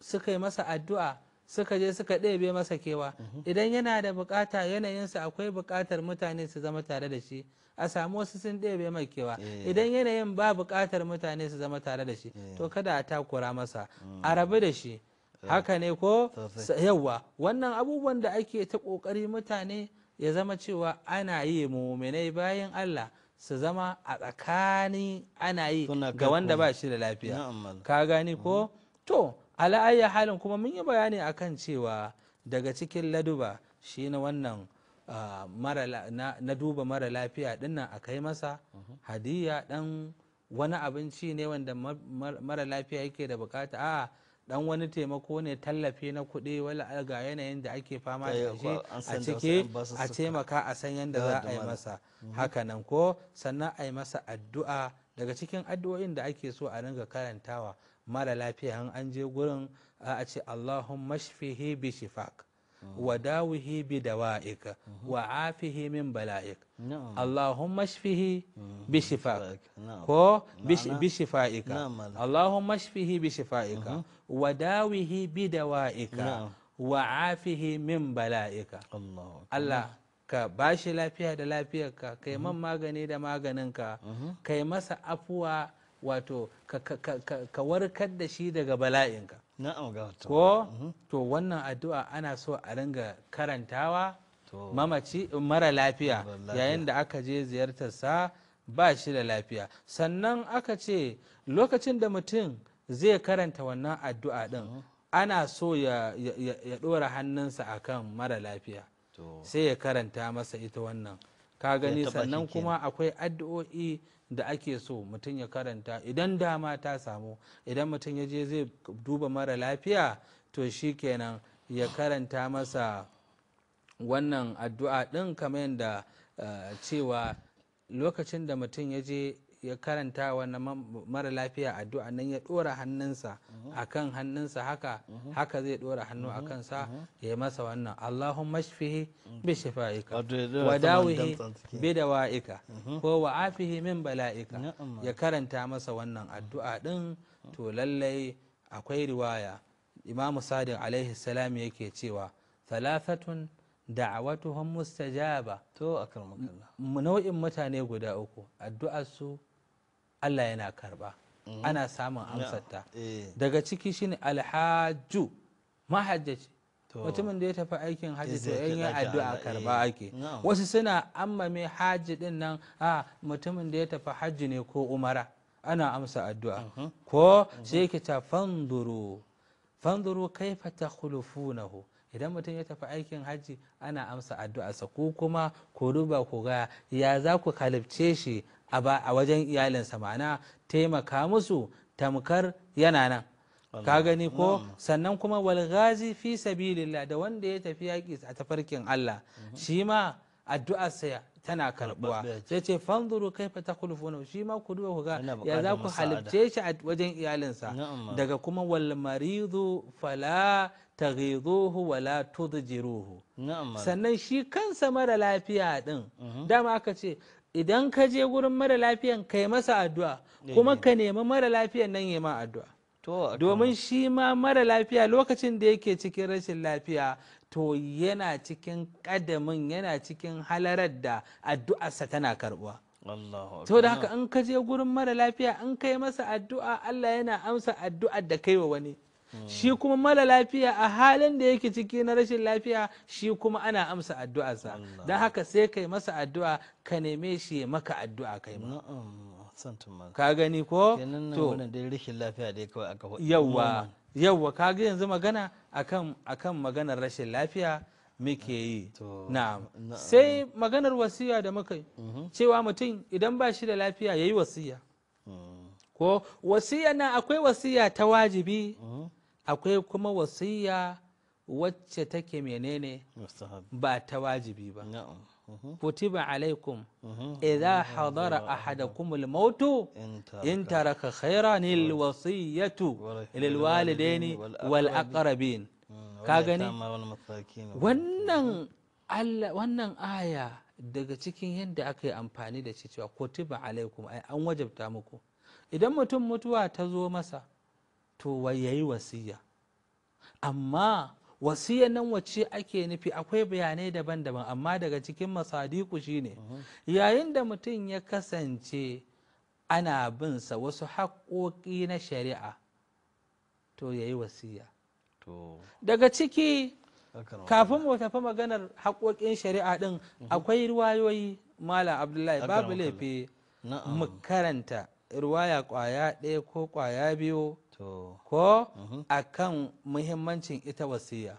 suka yi masa addu'a suka je suka ɗebe masa kewa idan yana da bukata yanayinsa akwai bukatar mutane su zama tare da shi a samu wasu sun ɗebe mai kewa eh. idan yanayin ba bukatar mutane su zama tare da shi to eh. kada a takura masa mm. a rabu da shi eh. haka ne ko yawa wannan abubuwan da ake ta kokari mutane ya zama cewa ana yi muminai bayan Allah su zama a tsakani ana yi ga wanda ba shi da lafiya ka gani ko mm. to ala halin kuma mun yi bayani akan cewa daga cikin laduba shi na wannan ah, na duba mara lafiya dinnan a kai masa mhm. hadiya dan wani abinci ne wanda mara lafiya yake da bukata a dan wani taimako ne tallafi na kuɗi wala ga yanayin da ake fama da shi a ciki a taimaka a san yadda za a yi masa mhm. hakanan ko sannan a yi masa addu'a daga cikin addu'o'in da ake so a ringa karantawa mara lafiya in an je gurin a ce Allahumma mashfihi bi shifak wa dawihi bi dawa'ik wa afihi min bala'ik Allahumma mashfihi mm-hmm. bi shifak ko bi shifa'ika Allahumma mashfihi bi shifa'ika mm-hmm. wa dawihi bi dawa'ika wa afihi min bala'ika Allah ka ba shi lafiya da lafiyarka kai mm-hmm. man magani da maganinka kai masa afuwa wato ka warkar da shi daga bala'inka ko mhm. to wannan addu'a ana so a ringa karantawa mamaci mara lafiya yayin da aka je ziyartar sa ba shi da lafiya sannan aka ce lokacin da mutum zai karanta wannan addu'a din mhm. ana so ya ɗora hannunsa akan mara lafiya sai ya karanta masa ita wannan ka gani sannan kuma akwai addu'o'i da ake so mutum ya karanta idan dama ta samu idan mutum ya je zai duba mara lafiya to shi kenan ya karanta masa wannan addu'a ɗin kamar yadda eh, cewa lokacin da mutum ya je ya karanta wannan mara lafiya addu'a nan ya dora hannunsa mhm. akan hannunsa haka mhm. haka zai dora hannu a mhm. kansa ya masa wannan Allahumma mashfihi bi shifa'ika wa dawihi bi dawa'ika ko wa afihi min bala'ika ya karanta masa wannan addu'a din to lallai akwai riwaya Imam Sadiq alaihi salam yake cewa thalathatun da'awatuhum mustajaba to akramaka nau'in mutane guda uku addu'arsu Allah yana karba mm. ana samun amsarta eh. daga ciki shine alhaju mahajjaci mutumin da ya tafi aikin hajji to yan addu'a karba eh. ake wasu suna mai hajji din nan a mutumin da ya tafi hajji ne ko umara ana amsa addu'a uh-huh. ko uh-huh. sai yake ta fanduru fanduru kaifa khulufunahu idan mutum ya tafi aikin hajji ana amsa addu'arsa ko kuma ku ruba ku ga ya za ku kalibce shi a wajen iyalinsa ma'ana taimaka musu tamkar yana nan ka gani ko sannan kuma walgazi fi sabilillah da wanda ya tafi yaƙi a tafarkin Allah mhm. shi ma addu'arsa tana karbuwa sai ce fanzuru kaifa takhulufuna shi ma ku duba ku ga ya za ku halibce shi a wajen iyalinsa daga kuma wal maridu fala taghiduhu wala tudjiruhu sannan shi kansa mara lafiya din mhm. dama aka ce idan ka je gurin mara lafiyan kai masa addu'a kuma ka nemi mara lafiyan nan ya ma addu'a domin shi ma mara lafiya lokacin da yake cikin rashin lafiya to yana cikin kadamin yana cikin halarar da addu'arsa tana karbuwa to da haka in ka je gurin mara lafiya in kai masa addu'a Allah yana amsa addu'ar da kai wa wani shi kuma mara lafiya a halin da yake ciki na rashin lafiya shi kuma ana amsa addu'arsa don haka sai kai masa addu'a ka neme shi maka addu'a kai ma ka gani ko to rashin lafiya kawai aka ka ga yanzu magana akan akan maganar rashin lafiya muke yi na'am sai maganar wasiya da muka yi mhm. cewa mutum idan ba shi da lafiya yayi wasiya mm. ko wasiya na akwai wasiya ta wajibi mhm. akwai kuma wasiya wacce take menene ba ta wajibi ba mhm. kutiba alaikum mhm. idza mhm. hadara ahadakum al-maut in taraka khairan al-wasiyatu lil walidaini wal aqrabin mm, ka gani wannan aya daga cikin yadda aka yi amfani da shi cewa kutiba alaikum ai an wajabta muku idan mutum mutuwa ta zo masa to yayi wasiya amma wasiya nan wace ake nufi akwai bayanai daban-daban amma daga cikin masadiku shine mhm. yayin da mutum ya kasance ana binsa wasu haƙoƙi na shari'a to yayi wasiya daga ciki kafin mu tafi maganar haƙoƙin shari'a ɗin mhm. akwai ruwayoyi malam abdullahi babu laifi mu karanta ruwaya ƙwaya ɗaya ko ƙwaya biyu ko mm-hmm. akan muhimmancin ita wasiya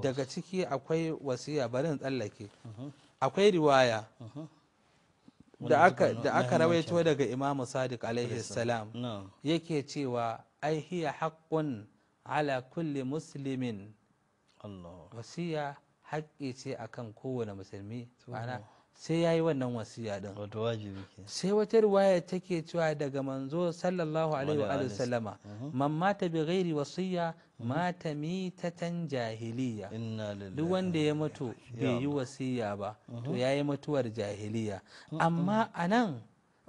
daga ciki akwai wasiya barin tsallake mm-hmm. akwai riwaya mm-hmm. da aka rawaito daga imamu sadiq alaihi salam yake cewa ai hiya haƙƙun ala kulli muslimin wasiya haƙƙi ce akan kowane musulmi sai ya yi wannan wasiya din sai wata riwaya take cewa daga manzo sallallahu alaihi wa sallama man mata bi ghairi wasiya mhm. mata mitatan jahiliya duk wanda ya mutu bai yi wasiya ba mhm. to ya yi mutuwar jahiliya mhm. amma a nan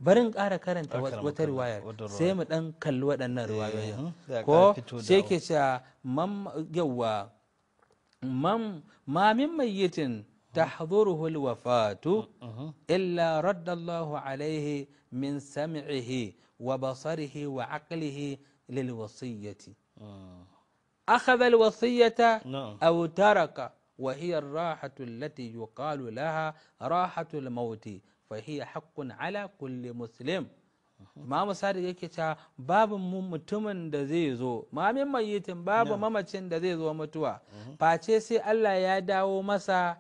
barin ƙara karanta wata ruwaya. sai mu dan kalli waɗannan eh, riwayoyin ko sai ke cewa man yawwa man mamin mayyitin تحضره الوفاة إلا رد الله عليه من سمعه وبصره وعقله للوصية أخذ الوصية أو ترك وهي الراحة التي يقال لها راحة الموت فهي حق على كل مسلم Imamu Sadiq yake cewa babu mutumin da zai zo, mamin mayitin babu mamacin da zai zo mutuwa, face sai Allah ya dawo masa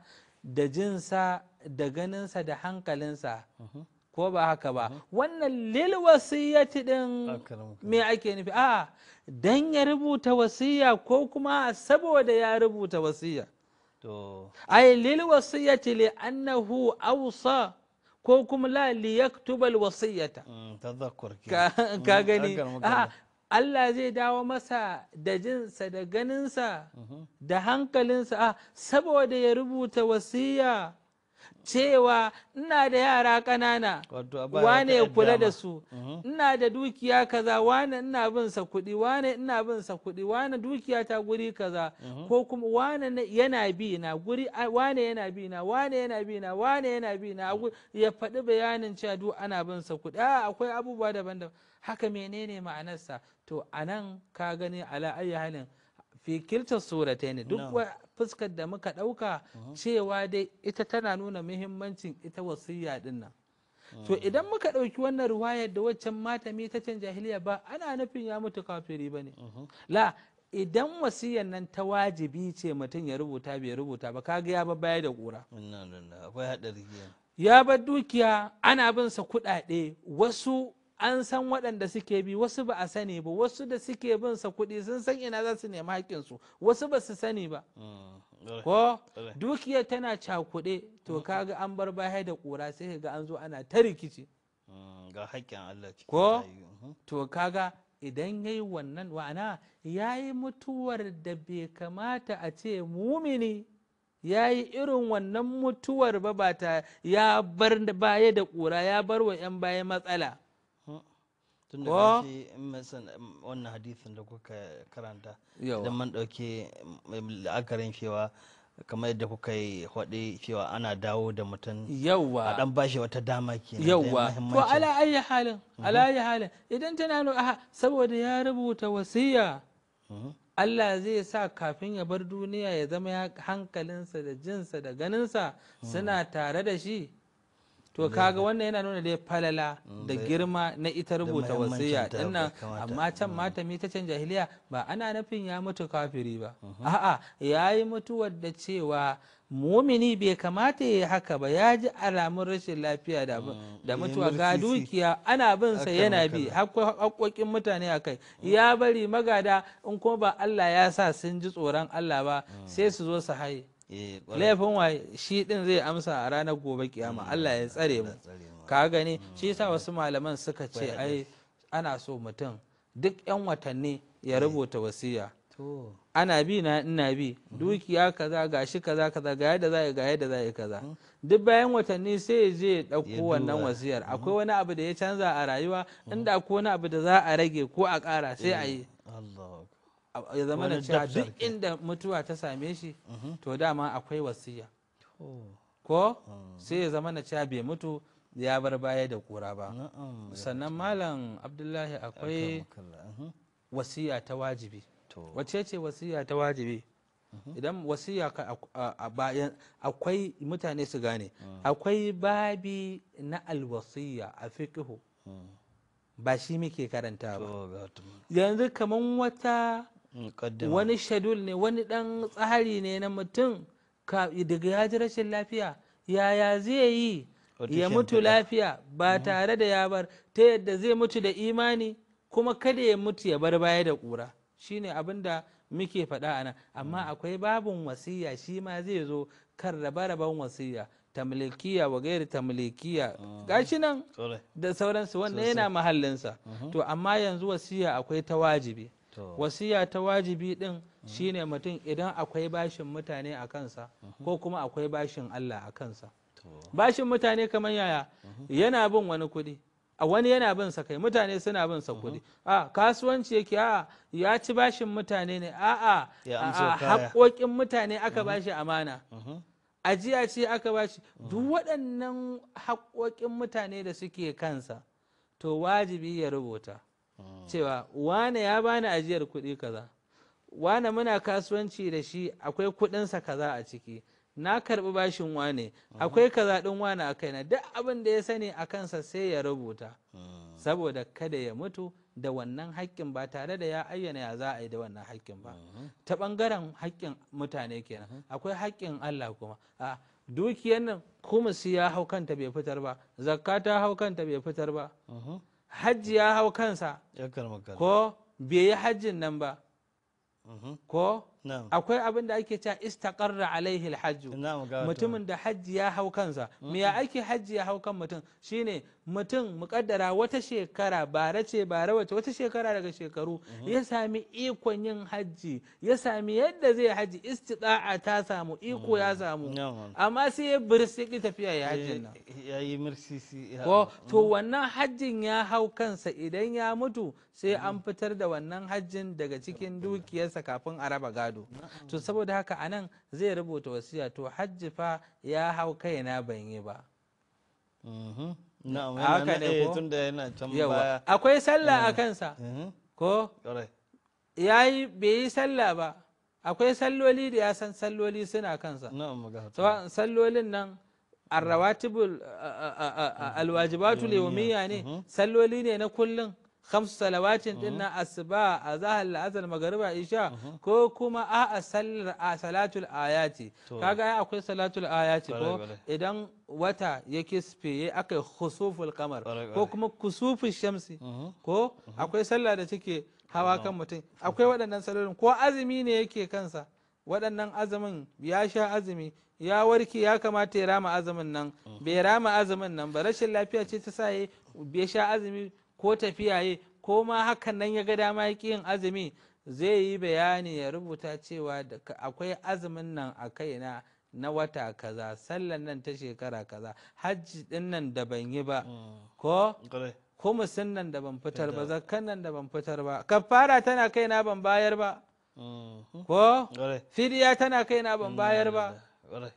da jinsa da ganinsa da hankalinsa mhm. ko ba haka ba mhm. wannan lil wasiyyati din me ake nufi a dan ya rubuta wasiyya ko kuma saboda ya rubuta wasiyya to ai lil wasiyyati li annahu awsa ko kuma la li yaktuba al wasiyyata mm, tadhakkur ka mm, gani Allah zai dawo masa da jinsa da ganinsa mhm. da hankalinsa ah, saboda ya rubuta wasiya cewa ina da yara ƙanana wane ya kula da su mhm. ina da dukiya kaza wane ina bin sa kuɗi wane ina bin sa kuɗi wane dukiya ta guri kaza mhm. ko kuma wane yana bi na guri wane yana bi na wane yana bi na wane yana bi na ya faɗi bayanin cewa duk ana bin sa kuɗi ah, akwai abubuwa daban-daban haka menene ma'anarsa to anan ka gani ala ayi halin fi kilta suratai ne duk fuskar da muka ɗauka cewa dai ita tana nuna muhimmancin ita wasiyya din nan to idan muka ɗauki wannan ruwayar da waccan matami ta can jahiliya ba ana nufin ya mutu kafiri ba ne la idan wasiyar nan ta wajibi ce mutum ya rubuta bai rubuta ba kaga ya baya da kura ya bar dukiya ana bin sa kuɗaɗe wasu an san waɗanda suke bi wasu ba a sani ba wasu da suke bin sa kuɗi sun san ina za su nemi su wasu ba su sani ba mm, ko dukiyar tana cakuɗe to kaga an bar baya da ƙura sai ga an zo ana ta rikici mm, ga haƙƙin Allah ko mhm. to kaga idan yayi wannan wa'ana ya mutuwar da bai kamata a ce mumini ya yi irin wannan mutuwar ba ta ya bar baya da ƙura ya bar wa 'yan baya matsala tun da shi wannan hadithin da kuka karanta idan man dauke um, la'akarin cewa kamar yadda kuka yi faɗi cewa ana dawo da mutum yawa a dan bashi wata dama kenan yawa to ala ayi halin mhm. ala ayi halin idan tana no aha saboda ya rubuta wasiya mhm. Allah zai sa kafin ya bar duniya ya zama hankalinsa da jinsa da ganinsa mhm. suna tare da shi to kaga wannan yana nuna dai falala da mm, girma na ita rubuta wasiya dinnan amma can mm. matami ta can jahiliya ba ana nufin ya mutu kafiri ba mm-hmm. a'a yayi mutuwar da cewa mumini bai kamata ya haka ba ya ji alamun rashin lafiya da mm, mutuwa ga dukiya ana bin sa yana bi haƙoƙin mutane a kai ya bari magada in kuma ba Allah ya sa sun ji tsoron Allah ba sai su zo su haye Eh, laifin wa shi din zai amsa a ranar gobe kiyama hmm, Allah ya tsare mu ka gani hmm. shi yasa wasu malaman suka ce ai ana so mutum duk 'yan watanni ya eh. rubuta wasiya ana bi na ina bi hmm. dukiya kaza gashi kaza kaza ga yadda za ga yadda za kaza duk bayan watanni sai je ya ɗauko wannan wasiyar akwai wani abu da ya canza a rayuwa inda akwai wani abu da za a rage ko a ƙara sai a eh. yi ya zama na cewa duk inda mutuwa ta same shi mm-hmm. to dama akwai wasiya ko mm. sai ya zama na cewa bai mutu ya bar baya da kura ba sannan malam abdullahi akwai mm-hmm. wasiya ta wajibi wace ce wasiya ta wajibi mm-hmm. idan wasiya akwai mutane su gane mm. akwai babi na alwasiya a fikihu mm. ba shi muke karanta ba yanzu kamar wata wani shadul ne wani dan tsari ne na mutum daga ya rashin lafiya yaya zai yi ya mutu lafiya ba mm-hmm. tare da ya bar ta yadda zai mutu da imani kuma kada ya mutu ya bar baya da kura shine abin da muke faɗa ana amma mm. akwai babin wasiya shi ma zai zo kan rabe-raben wasiya tamlikiya wa gairi tamlikiya ah. gashi nan da sauransu wanda yana mahallinsa mm-hmm. to amma yanzu wasiya akwai ta wajibi wasiya ta wajibi din shine mutum idan akwai bashin mutane a kansa ko kuma akwai bashin Allah a kansa bashin mutane kamar yaya mhm. yana bin wani kuɗi a wani yana bin sa kai mutane suna bin sa kuɗi mhm. a kasuwanci yake a ya ci bashin mutane ne a a haƙoƙin mutane aka mhm. bashi amana ajiya ce aka bashi duk waɗannan haƙoƙin mutane da suke kansa to wajibi ya rubuta cewa wane ya bani ajiyar kuɗi kaza wane muna kasuwanci da shi akwai kuɗinsa kaza a ciki na karɓi bashin wane akwai kaza ɗin wane a kaina duk abin da ya sani a kansa sai ya rubuta saboda kada ya mutu da wannan haƙƙin ba tare da ya ayyana ya za a yi da wannan haƙƙin ba ta ɓangaren haƙƙin mutane kenan akwai haƙƙin Allah kuma a dukiyar nan kuma ya hau kanta bai fitar ba zakka ta hau kanta bai fitar ba hajji ya hau kansa ko bai yi hajjin nan ba mm-hmm. ko akwai abin da ake cewa istaqarra alaihi alhajju mutumin da hajji ya hau kansa me ya ake hajji ya hau kan mutum shine mutum mukaddara wata shekara bare ce bare wace wata shekara daga shekaru mm-hmm. ya sami ikon yin hajji ya sami yadda zai hajji istida'a ta samu iko ya mm-hmm. samu amma sai ya birsi ki tafiya ya eh, ya yi ko to mm-hmm. wannan hajjin ya hau kansa idan ya mutu sai an fitar da wannan hajjin daga cikin dukiyarsa kafin a raba gado gado to saboda haka anan zai rubuta wasiya to hajji fa ya hau kaina ban yi ba mm-hmm. haka eh, akwai sallah a mm. kansa mm-hmm. ko ya yi bai yi sallah ba akwai salloli da ya san salloli suna kansa sallolin nan arrawatibul alwajibatu lewamiya ne mm-hmm. salloli ne na kullum khamsu salawatin din na asuba a zahar la'azar magariba isha ko kuma a sallar a salatul ayati kaga ai akwai salatul ayati ko idan wata ya kisfe aka yi khusuful kamar ko kuma kusuful shamsi ko akwai sallah da take hawa kan mutum akwai waɗannan salolin ko azumi ne yake kansa waɗannan azumin ya sha azumi ya warke ya kamata ya rama azumin nan bai rama azumin nan ba rashin lafiya ce ta sa ya sha azumi ko yi ko ma hakan nan ya ga dama ya yin azumi zai yi bayani ya rubuta cewa akwai azumin nan a kaina na wata kaza sallan nan ta shekara kaza hajji din nan da ban yi ba mm. ko sun nan da ban fitar ba zakkan nan da ban fitar ba kafara tana kaina ban bayar ba mm-hmm. ko fidiya tana kaina ban bayar ba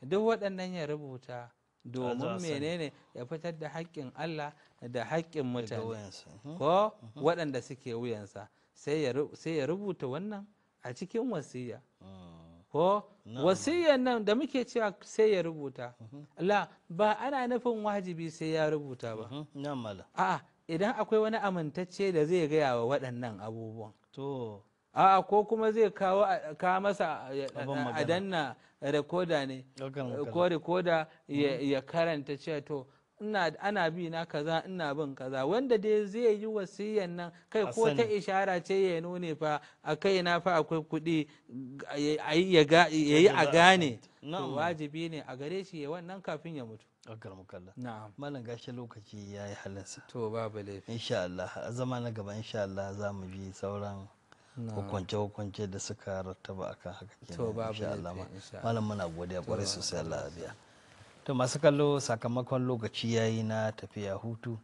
duk waɗannan ya rubuta domin menene ya fitar da haƙƙin Allah da haƙƙin mutane hmm. ko hmm. waɗanda suke wuyansa sai ya rubuta wannan a cikin wasiya oh. ko wasiyan nan da muke cewa sai ya rubuta hmm. la ba ana nufin wajibi sai ya rubuta ba a'a idan akwai wani amintacce da zai gaya wa waɗannan abubuwan to a ko kuma zai kawo ka masa a danna rekoda ne eh, ko rekoda mm-hmm. ya karanta cewa to ana bi na kaza ina bin kaza wanda dai zai yi wasiyan nan kai ko ta ishara ce ya nune fa a kai na fa akwai kuɗi ya yi a gane wajibi ne a gare shi ya wannan kafin ya mutu akar mukalla na'am malam gashi lokaci yayi halinsa to babu laifi insha Allah a zama na gaba insha Allah za mu bi sauran hukunce-hukunce da suka rattaba akan haka kenan shi alama malam muna godiya kwarai sosai Allah biya to masu kallo sakamakon lokaci yayi na tafiya hutu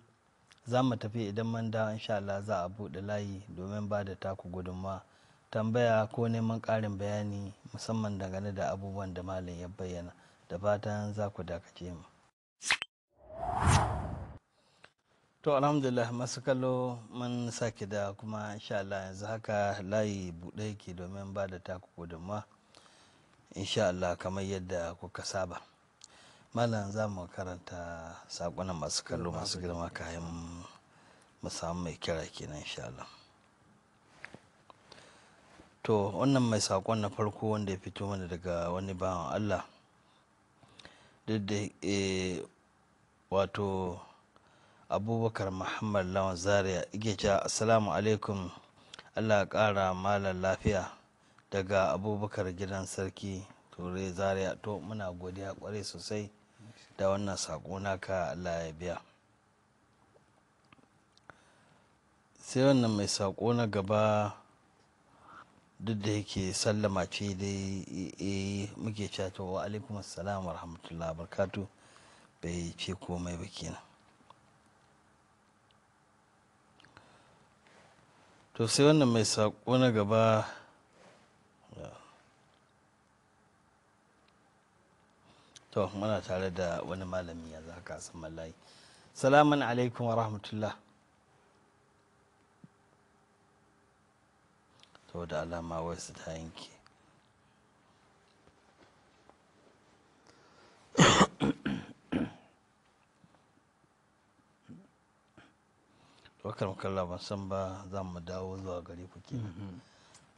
za mu tafi idan man da insha Allah za a buɗe layi domin ba da taku gudunma tambaya ko neman ƙarin bayani musamman dangane da abubuwan da malam ya bayyana da fatan za ku dakace mu to alhamdulillah masu kallo mun sake da kuma insha Allah yanzu haka layi buɗe yake domin ba da taku gudunma insha Allah kamar yadda kuka saba malam za mu karanta saƙonan masu kallo masu girma kayan mu mai kira kenan insha Allah to wannan mai sakon na farko wanda ya fito mana daga wani bawan Allah duk da eh, wato abubakar muhammad lawan zaria igeja assalamu alaikum allah kara malam lafiya daga abubakar gidan sarki ture zaria to muna godiya kwarai sosai da wannan saƙo naka allah ya biya sai wannan mai saƙo na gaba duk da yake sallama ce dai eh, muke cewa wa alaikum assalam wa rahmatullahi barkatu bai ce komai ba kenan to sai wannan mai saƙo na gaba to muna tare da wani malami za ka san mallayi salamun alaikum wa rahmatullah to da alama wai ta yanke bakar makalla ban san ba za mu dawo zuwa gare ku ke mm-hmm.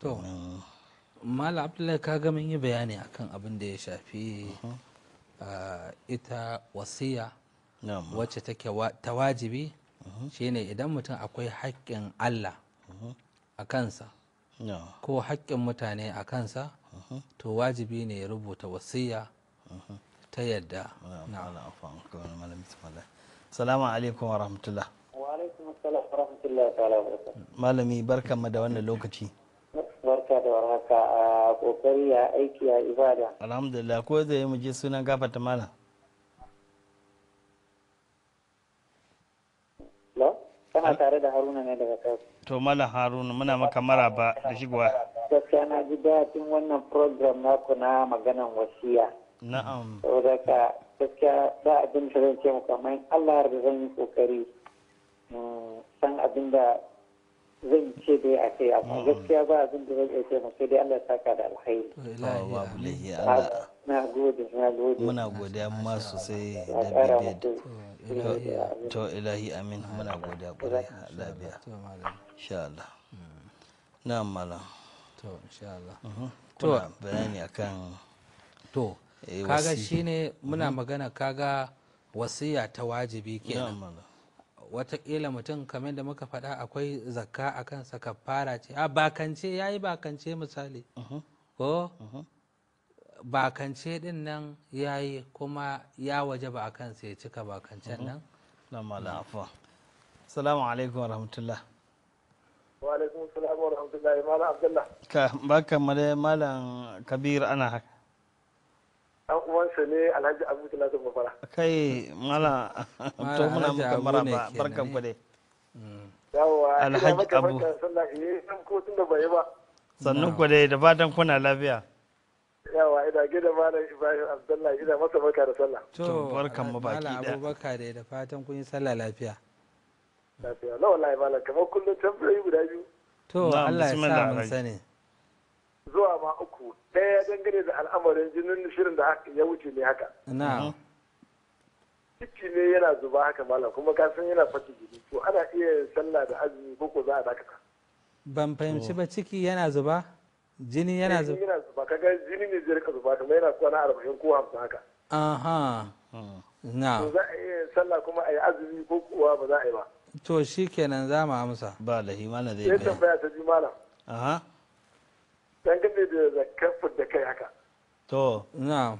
to mala abdullahi ka ga mun yi bayani akan abin da ya shafi mm-hmm. ita wasiya wacce take ta wajibi mm-hmm. shine idan mutum akwai haƙƙin allah a kansa ko haƙƙin mutane a kansa to wajibi ne ya rubuta wasiya ta yadda salamu alaikum wa rahmatullah Malami barkanmu da wannan lokaci. Barka da warhaka a kokari ya aiki ya ibada. Alhamdulillah ko zai mu je sunan gafata malam. kana tare da haruna ne daga kasu to mala haruna muna maka maraba da shigowa gaskiya na ji daɗin wannan program naku na maganan wasiya na'am saboda ka gaskiya ba abin da zan ce muku amma Allah ya zan yi kokari mu san abin da zai ce dai a kai amma gaskiya ba abin da zai ce mu sai dai Allah saka da alkhairi babu lahi Allah na gode na gode muna godiya ma sosai da bibiyar to ilahi amin muna godiya kwarai lafiya insha Allah na malam to insha Allah mhm. to bayani akan to eh, kaga shine muna mhm. magana kaga wasiya ta wajibi kenan watakila mutum kamar da muka faɗa akwai zakka a kansa fara ce a bakance ya yi bakance misali uh-huh. ko uh-huh. bakance din nan ya yi kuma ya waje ba a kansa ya cika bakancen uh-huh. nan na malafa salamu alaikum wa rahmatullah wa alaikum salam warahmatullah malam abdullah ka baka mala malam kabir ana haka sa ne Alhaji Abu Talatu Mafara. Kai mala to muna muka maraba barkan ku eh. dai. Mm. Yawwa Alhaji Abu. Sallah eh san ko tun da bai ba. Sannan mm. ku dai da fatan kuna lafiya. yawa ina gida malam ibrahim abdullahi ina masa barka da sallah to barkan mu baki da abubakar da da fatan kun yi sallah lafiya lafiya la wallahi malam kamar kullun tambayoyi guda biyu to Allah ya sa mun sani zuwa ma uku ɗaya dangane da al'amarin jinin shirin da ya wuce ne haka ciki ne yana zuba haka malam kuma ka san yana fata jini to ana iya sallah da azumi ko ko za a dakata ban fahimci ba ciki yana zuba jini yana eh, zuba yana zuba kaga jini ne zai rika zuba kuma yana kwana arba'in ko hamsin haka aha hmm. na to za a iya sallah kuma a yi azumi ko kuwa ba za a yi ba to shikenan za mu amsa ba lahi himana zai yi tambaya ta ji malam aha dangane da zakar da kai haka to na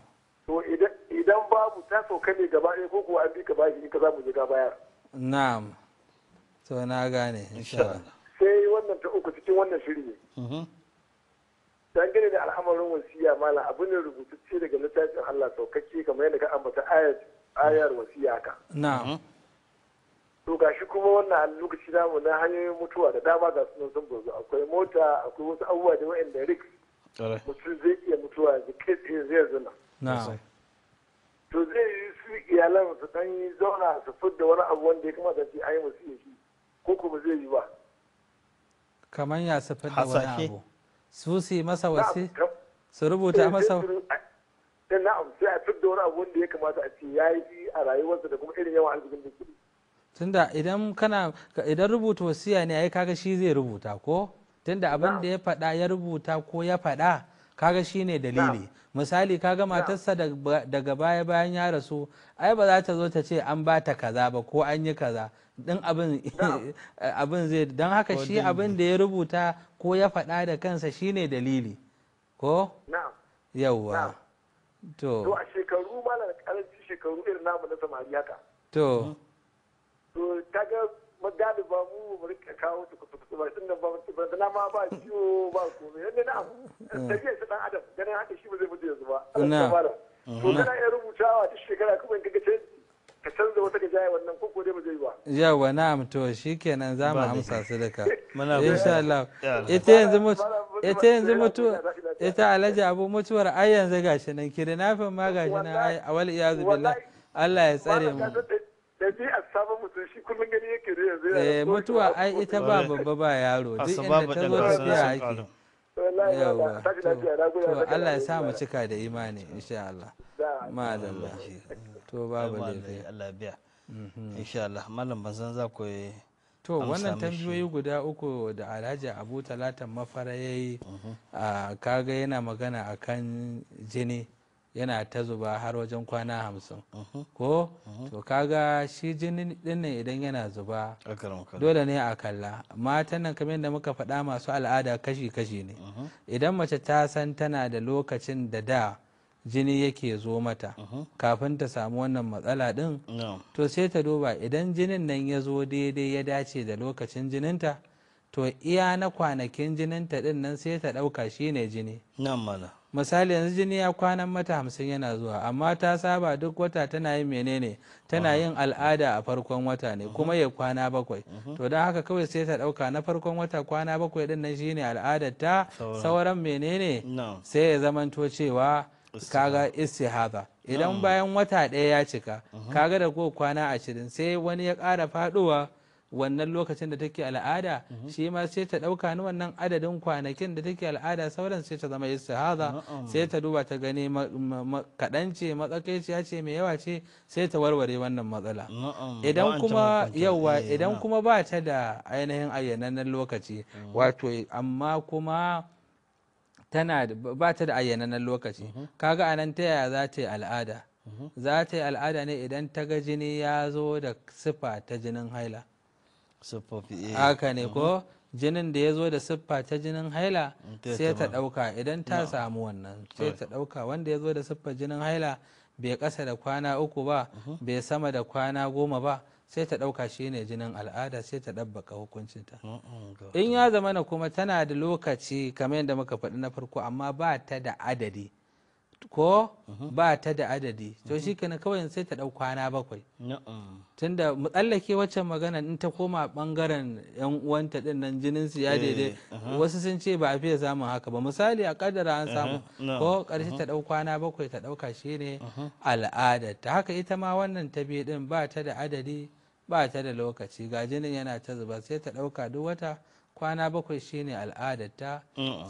to idan babu ta sauka ne gaba ɗaya ko kuwa an bi ka bashi in ka za mu bayar Na. to na gane sai wannan ta uku cikin wannan shiri ne mm-hmm. dangane da al'amarin wasiya mala abu ne ce daga littafin Allah saukakke kamar yadda ka ambata ayar wasiya haka na'am mm-hmm. to gashi kuma wannan lokaci namu na hanyoyin mutuwa da dama ga sunan sun bazu akwai mota akwai wasu abubuwa da wa'anda risk mutum zai iya mutuwa da kai tsaye zai zuna to zai yi su iyalan su dan yi zauna su da wani abu wanda ya kamata ce yi musu iya shi ko kuma zai yi ba kamar ya su da wani abu su su yi masa wasi su rubuta eh, masa eh, na'am sai a fidda wani abu wanda ya kamata a ce ya yi a rayuwarsa da kuma irin yawan arzikin da ke tunda idan kana idan rubuta wasiya ne ai kaga shi zai rubuta ko tunda abin da ya faɗa ya rubuta ko ya faɗa kaga shi ne dalili misali kaga matarsa daga baya bayan ya rasu ai ba za ta zo ta ce an ba ta kaza ba ko an yi kaza din abin *laughs* eh, abin zai don haka shi abin da ya rubuta ko ya faɗa da kansa shi ne dalili ko yawwa to a shekaru malar karanci shekaru irin namu na samariya ka. to hmm. to ta ga magana ba mu mu rika kawo su kusa kusa ba sun da ba da nama ba ciwo ba komai yadda na abu mm. tafiyar shi dan adam ganin haka shi ba zai mutu yanzu ba to kana mm-hmm. iya rubutawa duk shekara kuma in kaga canji ka canza wata gajaya wannan ko ko dai ba zai yi ba yawa na'am to shikenan za mu amsa su da ka *laughs* insha Allah ita yanzu mutu ita yanzu mutu ita alhaji abu mutuwar ai yanzu gashi nan kirinafin ma gashi nan ai awal iyazu billah Allah ya tsare mu da bi a sabon yanzu shi kullum gani yake da yanzu eh mutuwa ai ita ba babba ba yaro duk inda ta zo tafiya ake yawa to Allah ya sa mu cika da imani insha Allah madalla to babu laifi Allah biya mhm. insha Allah malam bazan za ku eh, to wannan tambayoyi guda uku da alhaji abu talatan mafara ya yi mhm. ah, kaga yana magana akan jini yana ta zuba har wajen kwana hamsin uh-huh. ko uh-huh. to kaga shi jini dinnan idan yana zuba dole ne a kalla matan nan kamar yadda muka faɗa masu al'ada kashi-kashi ne uh-huh. idan mace ta san tana da lokacin da da jini yake zo mata kafin ta samu wannan matsala din to sai ta duba idan jinin nan ya zo daidai ya dace da lokacin jininta to iya na kwanakin jininta din nan sai ta ɗauka shine jini misali yanzu jini ya kwanan mata hamsin yana zuwa amma ta saba duk wata tana yin menene tana yin al'ada a farkon wata ne kuma ya kwana bakwai to don haka kawai sai ta dauka na farkon wata kwana bakwai din nan shine al'adar ta sauran menene sai ya zamanto cewa kaga istihada idan bayan wata ɗaya ya cika kaga da ko kwana ashirin sai wani ya ƙara faduwa wannan lokacin da take al'ada mhm. shi ma sai ta ɗauka ni wannan adadin kwanakin da take al'ada sauran sai ta zama istihaza sai ta duba ta gani kaɗan ce matsakaiciya ce mai yawa ce sai ta warware wannan matsala idan kuma yawa eh, idan kuma ba ta da ainihin ayyanannen lokaci mhm. wato amma kuma tana ba ta da ayyanannen lokaci mhm. kaga anan ta yaya za ta yi al'ada za ta yi al'ada ne idan ta ga jini ya zo da sifa ta jinin haila siffofi eh. haka ne ko mm-hmm. jinin da ya zo da siffa ta jinin haila mm, sai ta ɗauka idan ta samu wannan sai ta ɗauka wanda ya zo da siffa jinin haila bai ƙasa da kwana uku ba mm-hmm. bai sama da kwana goma ba sai ta ɗauka shi ne jinin al'ada sai ta ɗabbaka hukuncinta in ya zama na kuma tana da lokaci kamar yadda muka faɗi na farko amma ba ta da adadi ko ba ta da adadi to shi kana kawai sai ta dau kwana bakwai tunda mu tsallake waccan magana in ta koma bangaren yan uwanta din nan jinin su ya eh, daidai wasu sun ce ba a fiye samun haka ba misali a kaddara an samu ko karshe ta dau kwana bakwai ta ɗauka shi ne al'ada ta haka ita ma wannan ta biyu din ba ta da adadi ba ta da lokaci ga jinin yana ta zuba sai ta ɗauka duk wata kwana bakwai shine al'adarta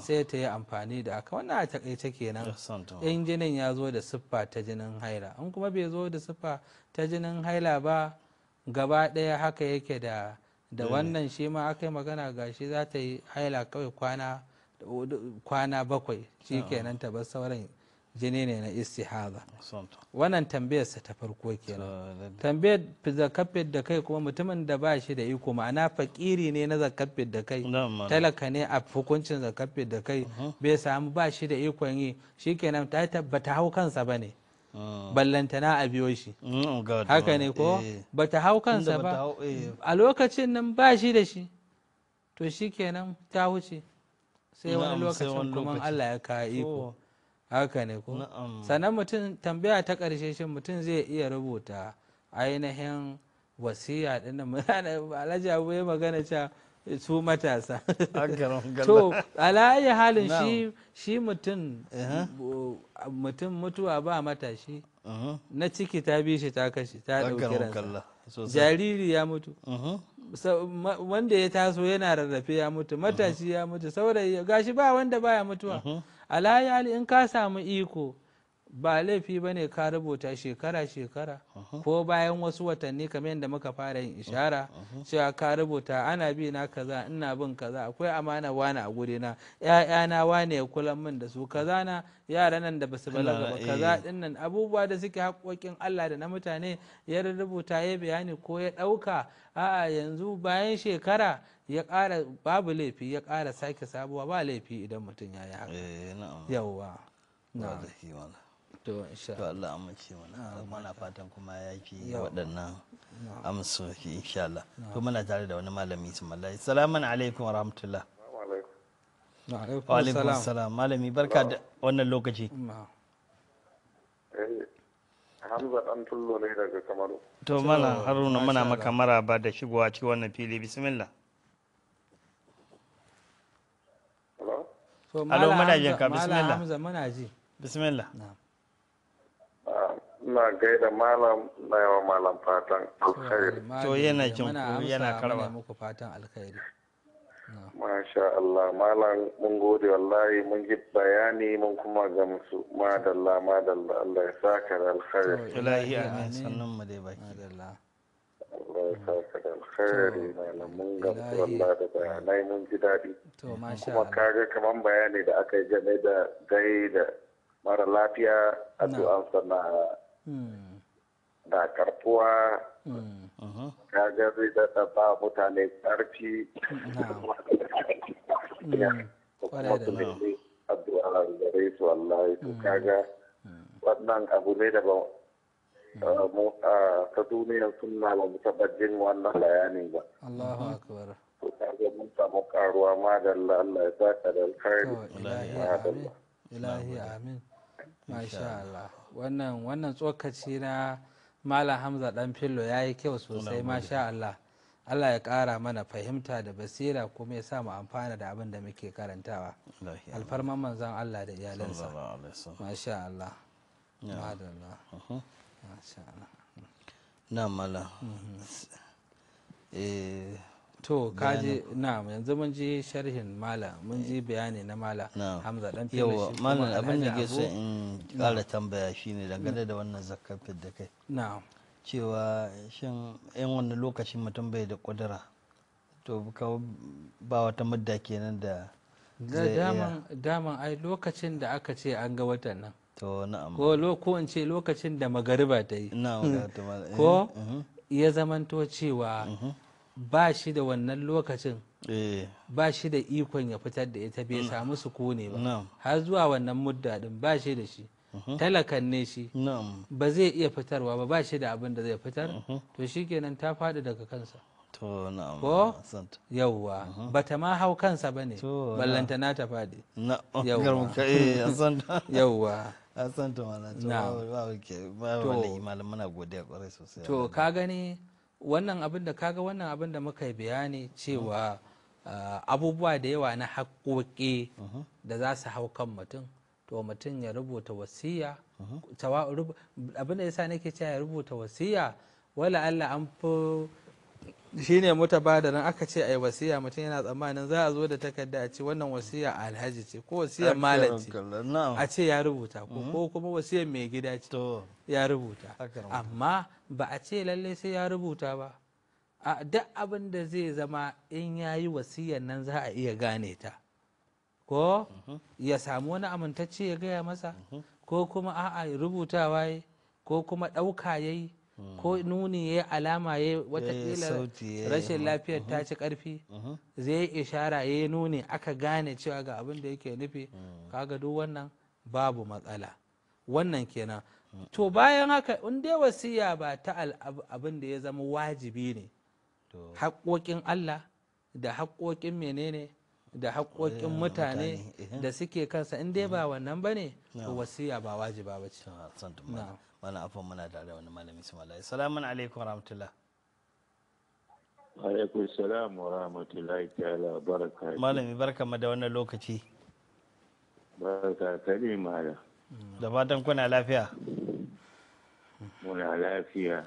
sai ta yi amfani da aka wannan a takaice kenan in jinin ya zo da siffa ta jinin haila in kuma bai zo da siffa ta jinin haila ba gaba ɗaya haka yake da da mm. wannan shi ma aka yi magana gashi za ta yi haila kawai kwana bakwai shi kenan ta bar sauran jini ne na istihada wannan tambayarsa ta farko kenan tambayar zakafin da kai kuma mutumin da ba shi da iko ma'ana fakiri ne na zakafin da kai talaka ne a hukuncin zakafin da kai mhm. bai samu ba shi da ikon yi shikenan ta tabbata hau kansa ba ne mm. ballantana a biyo shi mm, haka ne ko eh. bata hau kansa ba eh. a lokacin nan ba shi da shi to shikenan ta wuce sai wani lokacin kuma Allah ya kawo iko haka ne ko sannan mutum tambaya ta ƙarshe shi mutum zai iya rubuta ainihin wasiya ɗin *laughs* alhaji abu ya magana cewa su matasa *laughs* to alayi halin shi mutum mutum mutuwa ba matashi na ciki ta bi shi ta kashi ta ɗauki jariri ya mutu wanda ya taso yana rarrafe ya mutu matashi ya mutu saurayi gashi ba wanda baya mutuwa A alayali in ka samu iko ba laifi ba ne ka rubuta shekara-shekara ko bayan wasu watanni kamar yadda muka fara yin ishara cewa ka rubuta ana bi na kaza ina bin kaza akwai amana wani a guri na ‘ya'yana wane ya kula min da su kaza na yara nan da basu balaga ba kaza eh. dinnan abubuwa da suke haƙoƙin Allah da na mutane ya rubuta ya bayani ko ya ɗauka a'a yanzu bayan shekara ya ƙara babu laifi ya kara sake sabuwa ba laifi idan mutum ya yi haka eh, yawwa to insha Allah an mace mana fatan kuma ya fi waɗannan amsoshi insha Allah to muna tare da wani malami sumallahi assalamu alaikum wa rahmatullah wa alaikum assalam malami barka da wannan lokaci eh, Hamza dan tullo ne daga Kamaru. To mana Haruna muna maka maraba da shigowa cikin wannan fili bismillah. Hello. Hello muna bismillah. Hamza Bismillah. na gaida malam na yawa malam fatan alkhairi to yana jin yana karba muku fatan alkhairi Masha Allah, Malam mun gode wallahi mun ji bayani mun kuma gamsu. Madalla, madalla, Allah ya saka da alkhairi. Ilahi amin, sannan mu dai baki. Madalla. Allah ya saka da alkhairi, Malam mun gamsu wallahi da bayanai mun ji daɗi. To, masha Allah. Kuma kaga kaman bayani da aka yi game da gaida da mara lafiya da hmm. karfuwa hmm. kaga gari da ba mutane karfi hmm. kuma kaga wannan abu ne da ba ah, ah, ta duniyar suna ba mu taɓa jin wannan bayanin ba Allahu akbar to kaga mun samu karuwa ma da Allah ya saka da alkhairi ilahi amin masha Allah wannan wannan tsokaci na malam hamza dan fillo ya yi kyau sosai masha allah allah ya kara mana fahimta da basira kuma ya sa mu amfana da abin da muke karantawa alfarman manzan allah da iyalinsa uh-huh. masha allah na mala mm-hmm. eh, to kaji na yanzu mun ji sharhin mala mun ji bayani na mala hamza dan fiye yawa mala abin da ke so in kara tambaya shine dangane da wannan zakar fidda kai na'am cewa shin yan wani lokaci mutum bai da kudura to ba wata mudda kenan da da daman ai lokacin da aka ce an ga watan nan to na'am ko ko in ce lokacin da magariba ta yi *laughs* ko eh, mhm. ya zamanto cewa mhm. ba shi da wannan lokacin eh. ba shi da ikon ya fitar da ita bai mm. samu su kone ba har zuwa wannan mudda din ba shi da shi mm-hmm. talakan ne shi ba zai iya fitarwa ba ba shi da abin da zai fitar mm-hmm. to shikenan ta faɗi daga kansa to na'am ko yawwa mm-hmm. ta ma hau kansa bane ballanta na ta faɗi *laughs* yawwa eh, *laughs* yawwa to ka gani wannan abin da kaga wannan abin da muka yi bayani cewa ah, abubuwa da yawa na haƙoƙi uh-huh. da za su hau kan mutum to mutum ya rubuta wasiya uh-huh. abin da ya sa nake cewa ya rubuta wasiya wala Allah an fi shine mutabadarin aka ce ai wasiya mutum yana tsammanin za a zo da takarda a ce wannan wasiya alhaji ce ko wasiyar malam a ce ya rubuta mm-hmm. ko kuma wasiyar mai gida ce ya rubuta amma ba a ce lallai sai ya rubuta ba a duk abin da zai zama in ya yi wasiyar nan za a iya gane ta ko mm-hmm. ya samu wani amintacce ya gaya masa mm-hmm. ko kuma a'a rubutawa ko kuma ɗauka ya yi ko nuni ya alama ya watakila eh, rashin lafiyar ta uh-huh. ci karfi uh-huh. zai ishara ya nuni aka gane cewa ga abin da yake nufi uh-huh. kaga duk wannan babu matsala wannan kenan to bayan haka in dai wasiya ba ta abin da ya zama wajibi ne haƙoƙin allah da haƙoƙin menene da haƙoƙin eh, mutane eh. da suke kansa in dai ba mm-hmm. wannan ba ne wasiya ba wajiba ba ce mana afon muna tare da wani malami su malayi salamun alaikum rahmatullah alaikum salam wa rahmatullahi ta'ala baraka malami barka ma da wannan lokaci barka ka ne mala da fatan kuna lafiya muna lafiya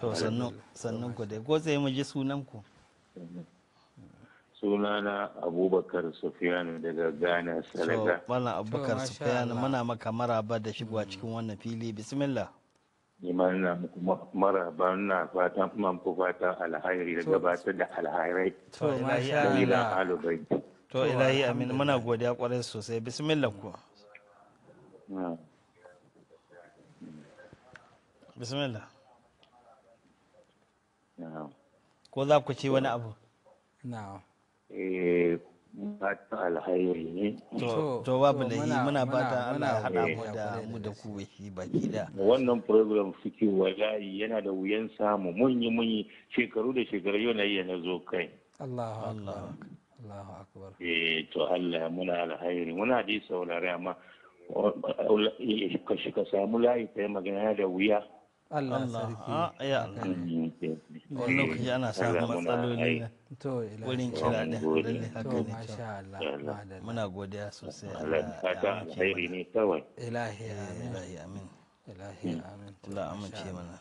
to sannu sannun ku dai ko sai mu ji sunan ku sunana abubakar sufiyanu daga ghana senegal wannan abubakar sufiyanu muna maka maraba da shigowa cikin wannan fili bismillah Iman na maraba na fatan man ku fata alhairi da gabatar da alhairai. To masha Allah. To ilahi amin muna godiya kwarai sosai bismillah ku. Bismillah. Ko za ku ci wani abu? Na'am. Eh fatan alhairi ne. To babu da yi muna fata ana haɗa mu da mu da ku shi baki da. Wannan program suke wallahi yana da wuyan samu mun yi mun yi shekaru da shekaru yana na iya na zo kai. Allahu akbar. Eh to Allah muna alhairi muna dai saurari amma eh, ka samu layi ka yi magana da wuya. Allah sarki ah, ya Allah wani lokaci ana samun matsaloli to wurin kira da lalle haka ne to muna godiya sosai Allah fata alkhairi ne kawai ilahi amin ilahi amin ilahi hmm. amin Allah amince mana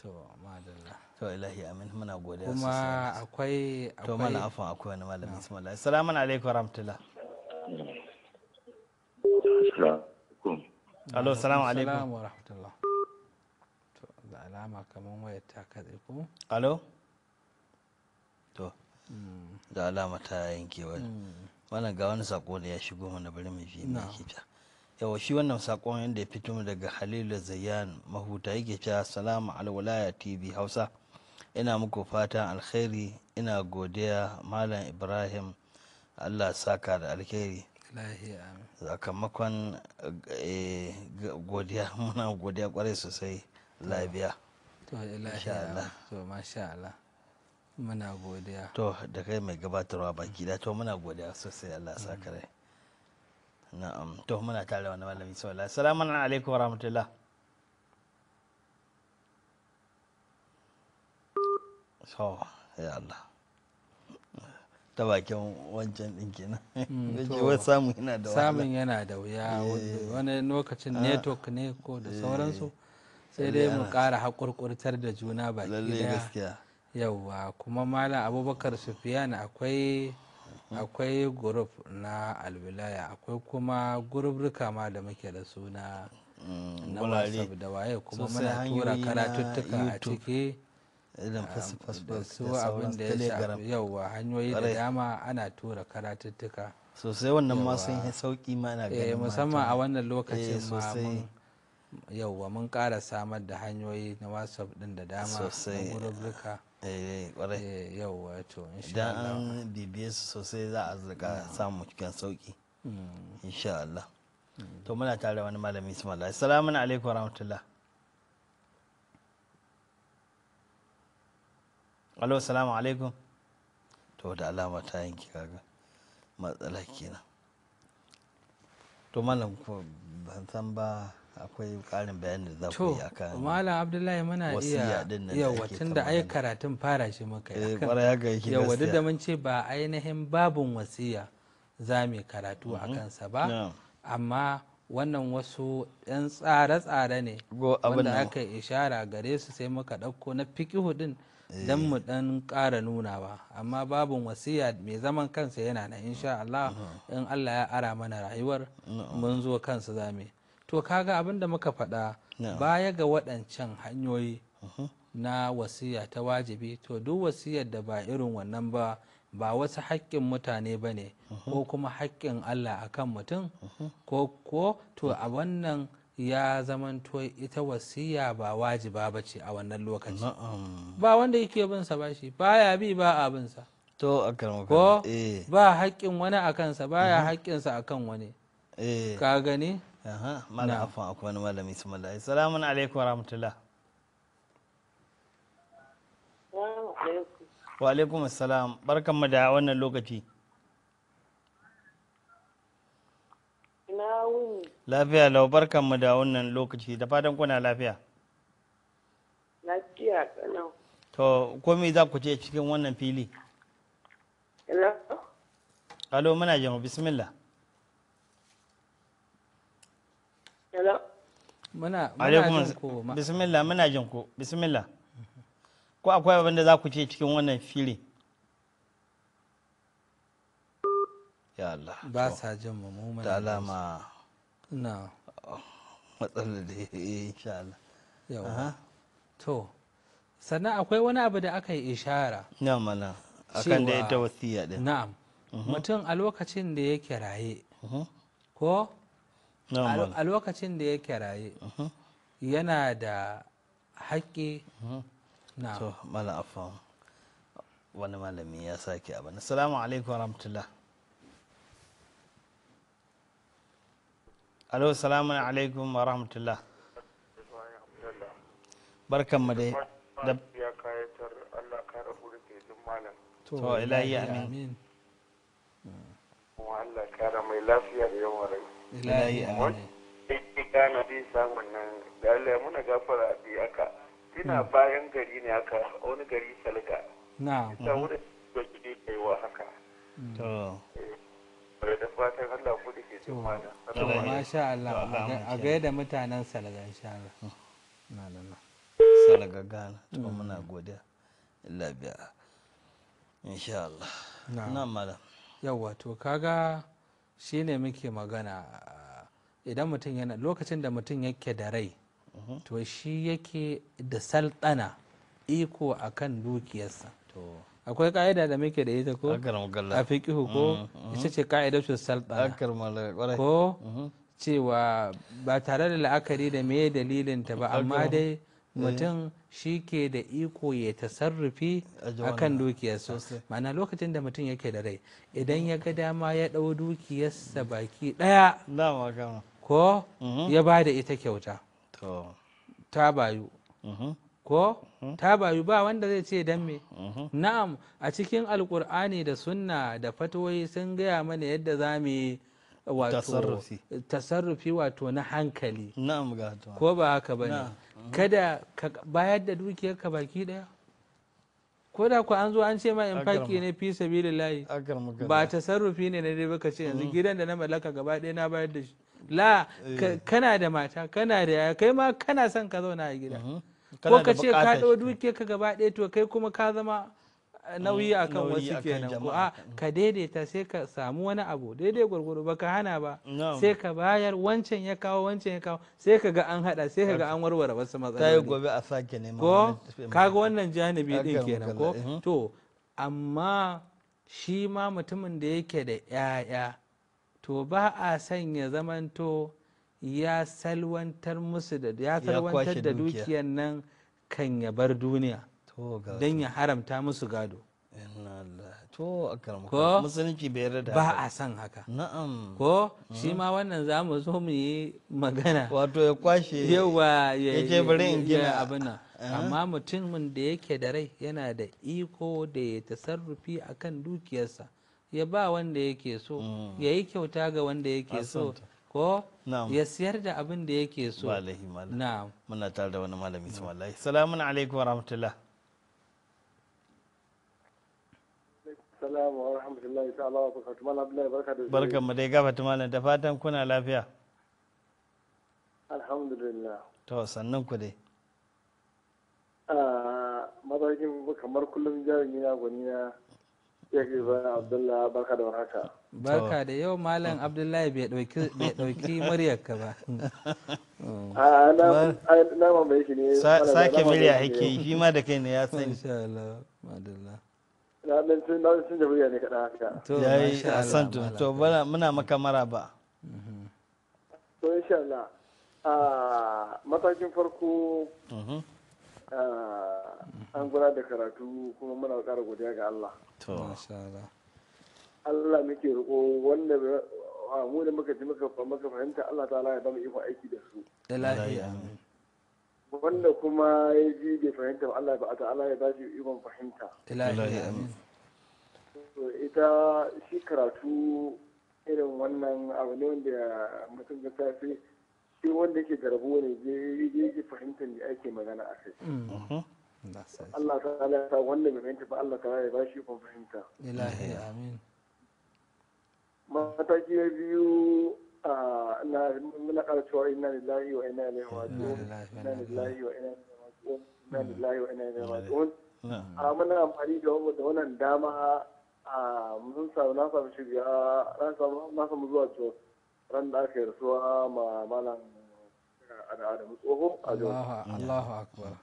to madalla to ilahi amin muna godiya sosai kuma akwai to mana afan akwai wani malami bismillah assalamu alaikum warahmatullah assalamu alaikum alo assalamu alaikum warahmatullah alama kamar wayar ta katse ko alo to mm. ga alama ta yanke wani mm. wannan ga wani sako da ya shigo mana bari mu fi mai kifiya yawa shi wannan sako yadda ya fito daga halilu zayyan mahuta yake cewa salamu alwalaya tv hausa ina muku fatan alkhairi ina godiya malam ibrahim allah saka da alkhairi sakamakon eh, godiya *laughs* muna godiya kwarai sosai labiya To to masha Allah. Muna godiya. To da kai mai gabatarwa baki da to muna godiya sosai Allah sa ka Na'am to muna tare wani malami sallallahu alaikum wa rahmatullah. So ya Allah. ta bakin wancan ɗin kenan hmm, *laughs* samun yana da wahala samun yana da wuya eh. wani lokacin ah. network ne ko da eh. sauransu sai dai mu kara haƙurƙurtar da juna ba gaskiya yauwa kuma malam abubakar sufiyan akwai akwai group na alwilaya akwai kuma gurubrika ma da muke da suna na mm, whatsapp da waye kuma muna tura karatuttuka a ciki da su abin da ya shafi yauwa hanyoyi da dama ana tura karatuttuka sosai wannan ma sun sauki ma na gani eh, musamman a wannan lokacin eh, ma yauwa mun kara samar da hanyoyi na whatsapp din da dama sosai gurubruka eh, eh, yauwa to idan an bibiye su sosai za a zaka samu cikin sauki hmm. insha Allah hmm. to muna tare wani malami su Ismail assalamu alaikum warahmatullah alo salamu alaikum to da alama ta yanki kaga matsala kenan to malam ko ban san ba akwai ƙarin bayanin da za ku yi akan malam abdullahi muna iya yawa da ai karatun fara shi muka yi eh, yawa da mun ce ba ainihin babun wasiya za mu karatu a mhm. kansa ba amma wannan wasu 'yan tsare-tsare ne wanda aka ishara gare su sai muka ɗauko na fikihu din eh. don mu dan ƙara nunawa amma babin wasiya mai zaman kansa yana na insha Allah in Allah ya ara mana rayuwar mun zo kansa mu. to kaga abin da muka faɗa baya ga waɗancan hanyoyi uh-huh. na wasiya ta wajibi to duk wasiyar da ba irin wannan ba ba wasu haƙƙin mutane ba ne uh-huh. ko kuma haƙƙin allah a kan mutum uh-huh. ko ko to a wannan ya zamanto ita wasiya ba wajiba ba ce a wannan lokaci ba wanda yake bin sa ba shi baya bi ba abin sa to a ko eh. ba haƙƙin wani kansa ba baya haƙƙinsa a kan wani eh. ka gani Aha, mala afon akwai wani malami su mala. Salamun alaikum wa rahmatullah. Wa alaikum assalam. Barkan mu da wannan lokaci. Lafiya lau barkan mu da wannan lokaci da fatan kuna lafiya. Lafiya To, komai za ku ce cikin wannan fili? Alo, muna jin bismillah. bismillah muna jin ku bismillah ko akwai abin da za ku ce cikin wannan fili. ya Allah ba sa jin mu mu da alama na matsala da insha Allah yawa to sannan akwai wani abu da aka yi ishara na mana akan da ya wasiya din na'am mhm. mutum a lokacin da yake raye mhm. ko a lokacin da yake raye uh-huh. yana da haƙƙi uh-huh. na to wani malami ya sake assalamu alaikum wa rahmatullah alo assalamu alaikum wa rahmatullah barkan mu dai ya kayatar Allah ka rabu da malam to ilahi amin Allah mai lafiya da yawan rai ilahi amin ka na bi samun nan da Allah muna gafara bi aka ina hmm. bayan gari ne aka wani gari salga na'am ta uh-huh. wurin da kike kaiwa haka hmm. to eh, da fatan Allah ku dake cin mana to masha Allah a ga da mutanen salga insha Allah hmm. na na na salga gana to muna godiya Allah biya insha Allah na malam yawa to kaga shi ne muke magana eh, idan mutum yana lokacin da mutum yake da rai mhm. to shi yake da saltana iko akan dukiyarsa akwai ka'ida da muke da ita ko a fiƙihu ko mm, mm. ita ce su saltana ko mm-hmm. cewa ba tare da la'akari da me dalilin ta ba amma dai Eh. mutum shi ke da iko ya tasarrufi kan dukiyarsa ma'ana lokacin da mutum yake da rai idan ya ga dama ya ɗau dukiyarsa baki ɗaya ko mhm. ya ba da ita kyauta ta bayu mhm. ko mhm. ta bayu ba wanda zai ce don me na'am a cikin alkur'ani da sunna da fatoyi sun gaya mana yadda za mu yi wato tasarrufi wato na hankali ko ba haka ba ne kada ka bayar da dukiyar ka baki daya ko da ku an zo an ce ma in faki ne fi sabilillahi ba tasarrufi ne na dai baka ce yanzu mm. gidan da na mallaka gaba ɗaya na bayar da shi la eh. kana da mata kana da yaya kai ma kana son ka zauna a gida mm-hmm. ko ka ce ka ɗau dukiyar ka gaba ɗaya to kai kuma ka zama nauyi mm, akan wasu kenan ko a ah, ka daidaita sai ka samu wani abu daidai gwargwaro ka hana ba sai ka bayar wancan ya kawo wancan ya kawo sai ka ga an hada sai ka ga an warware wasu matsaloli gobe a sake neman ko kaga wannan janibi din kenan ko eh. to amma shi ma mutumin da yake da 'ya'ya to ba a son ya zamanto ya salwantar musu da ya salwantar da dukiyar nan kan ya bar duniya don ya haramta musu gado ko ba a san haka ko shi ma wannan za mu zo mu yi magana wato ya kwashe yawa ya ce bari in gina abin nan eh? amma mutumin da yake da rai yana da iko da ya tasarrufi akan dukiyarsa ya ba wanda yake so mm. ya yi kyauta ga wanda yake so ko ya siyar da abin da yake so na muna tare da wani malami wallahi salamun alaikum wa assalamu wa ta'ala wa barakatuhu malam abdullahi barka da barkan mu dai gafata malam da fatan kuna lafiya alhamdulillah to sannan ku dai ah, mazakin kamar kullum jarumi na gwani na yake ba Abdullah barka da warhaka barka da yau malam abdullahi bai ɗauki *laughs* muryar ka ba a nama mai shi ne sake murya ake yi shi ma da kai ne ya sani insha Allah madallah na dan sun na sun da haka to yayi asantu to bana muna maka maraba mhm. to insha Allah a matakin farko mhm. an gura da karatu kuma muna ƙara godiya ga Allah to Allah muke riko wanda mu da muka ji muka fahimta Allah ta'ala ya ba mu iko aiki da su da lafiya amin wanda kuma ya ji bai fahimta ba Allah ba Allah ya bashi ikon fahimta ilahi amin ita shi karatu irin wannan abu ne wanda mutum ga safi shi wanda yake da rabo ne ya ji fahimtar da ake magana a kai mm. mm-hmm. Allah ta'ala ya sa wanda bai fahimta ba Allah ta'ala ya bashi ikon fahimta ilahi amin mataki na biyu muna ƙara cewa inna lillahi wa ina ilaihi raji'un inna lillahi wa ina ilaihi raji'un inna lillahi wa ina ilaihi raji'un a muna amfani da wannan dama a mun samu na samu shiga na samu zuwa jos ran da aka yi rasuwa ma malam al'adamu tsoho a Allahu akbar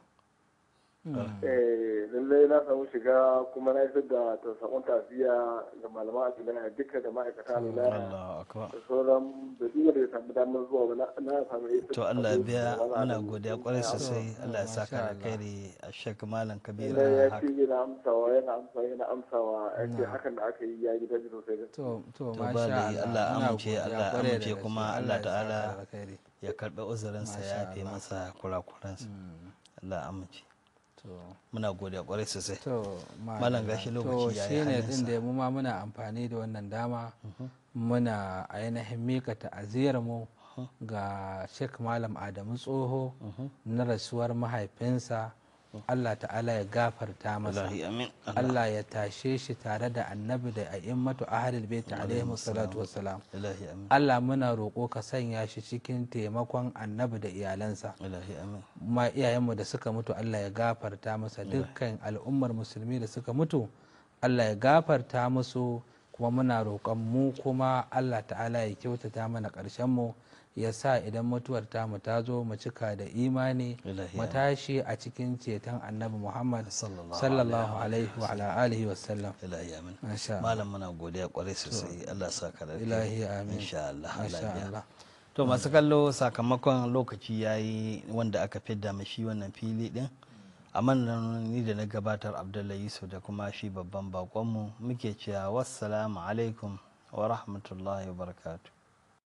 Mm. Eh, lallai na samu shiga kuma na isar da sakon tafiya ga malaman asibina duka da ma'aikata na da sauran da duk da samu damar zuwa ba na samu isar to Allah biya ana godiya kwarai sosai Allah ya sa ka na kai ne a shek malam kabira ya ce yana amsawa yana amsawa yana amsawa ya hakan da aka yi ya gida ji sosai da to to masha Allah amince Allah amince kuma Allah ta'ala ya karɓi uzurinsa ya fi masa kurakuransa mm. Allah amince muna gode kwarai sosai malam gashi lokaci ya yi ne din da mu ma muna amfani da wannan dama mhm. muna ainihin mika ta'aziyar mu ga shek malam adamu tsoho mhm. na rasuwar mahaifinsa Allah ta'ala ya gafarta masa Allah ya tashe shi tare da annabi da a'immatu ahlul bait alaihi salatu wassalam Allah muna roƙo ka sanya shi cikin taimakon annabi da iyalansa ma iyayenmu da suka mutu Allah ya gafarta masa dukkan al'ummar musulmi da suka mutu Allah ya gafarta musu kuma muna roƙon mu kuma Allah ta'ala ya kyautata mana ƙarshen mu ya sa idan mutuwar tamu ta zo mu cika da imani mu tashi a cikin ceton annabi muhammad sallallahu alaihi wa alihi wa sallam malam muna godiya kwarai sosai allah sa ka lafiya ilahi amin insha allah to masu kallo sakamakon lokaci yayi wanda aka fidda mashi wannan fili din amma ni da na gabatar abdullahi yusuf da kuma shi babban bakonmu muke cewa wassalamu alaikum wa rahmatullahi wa barakatuh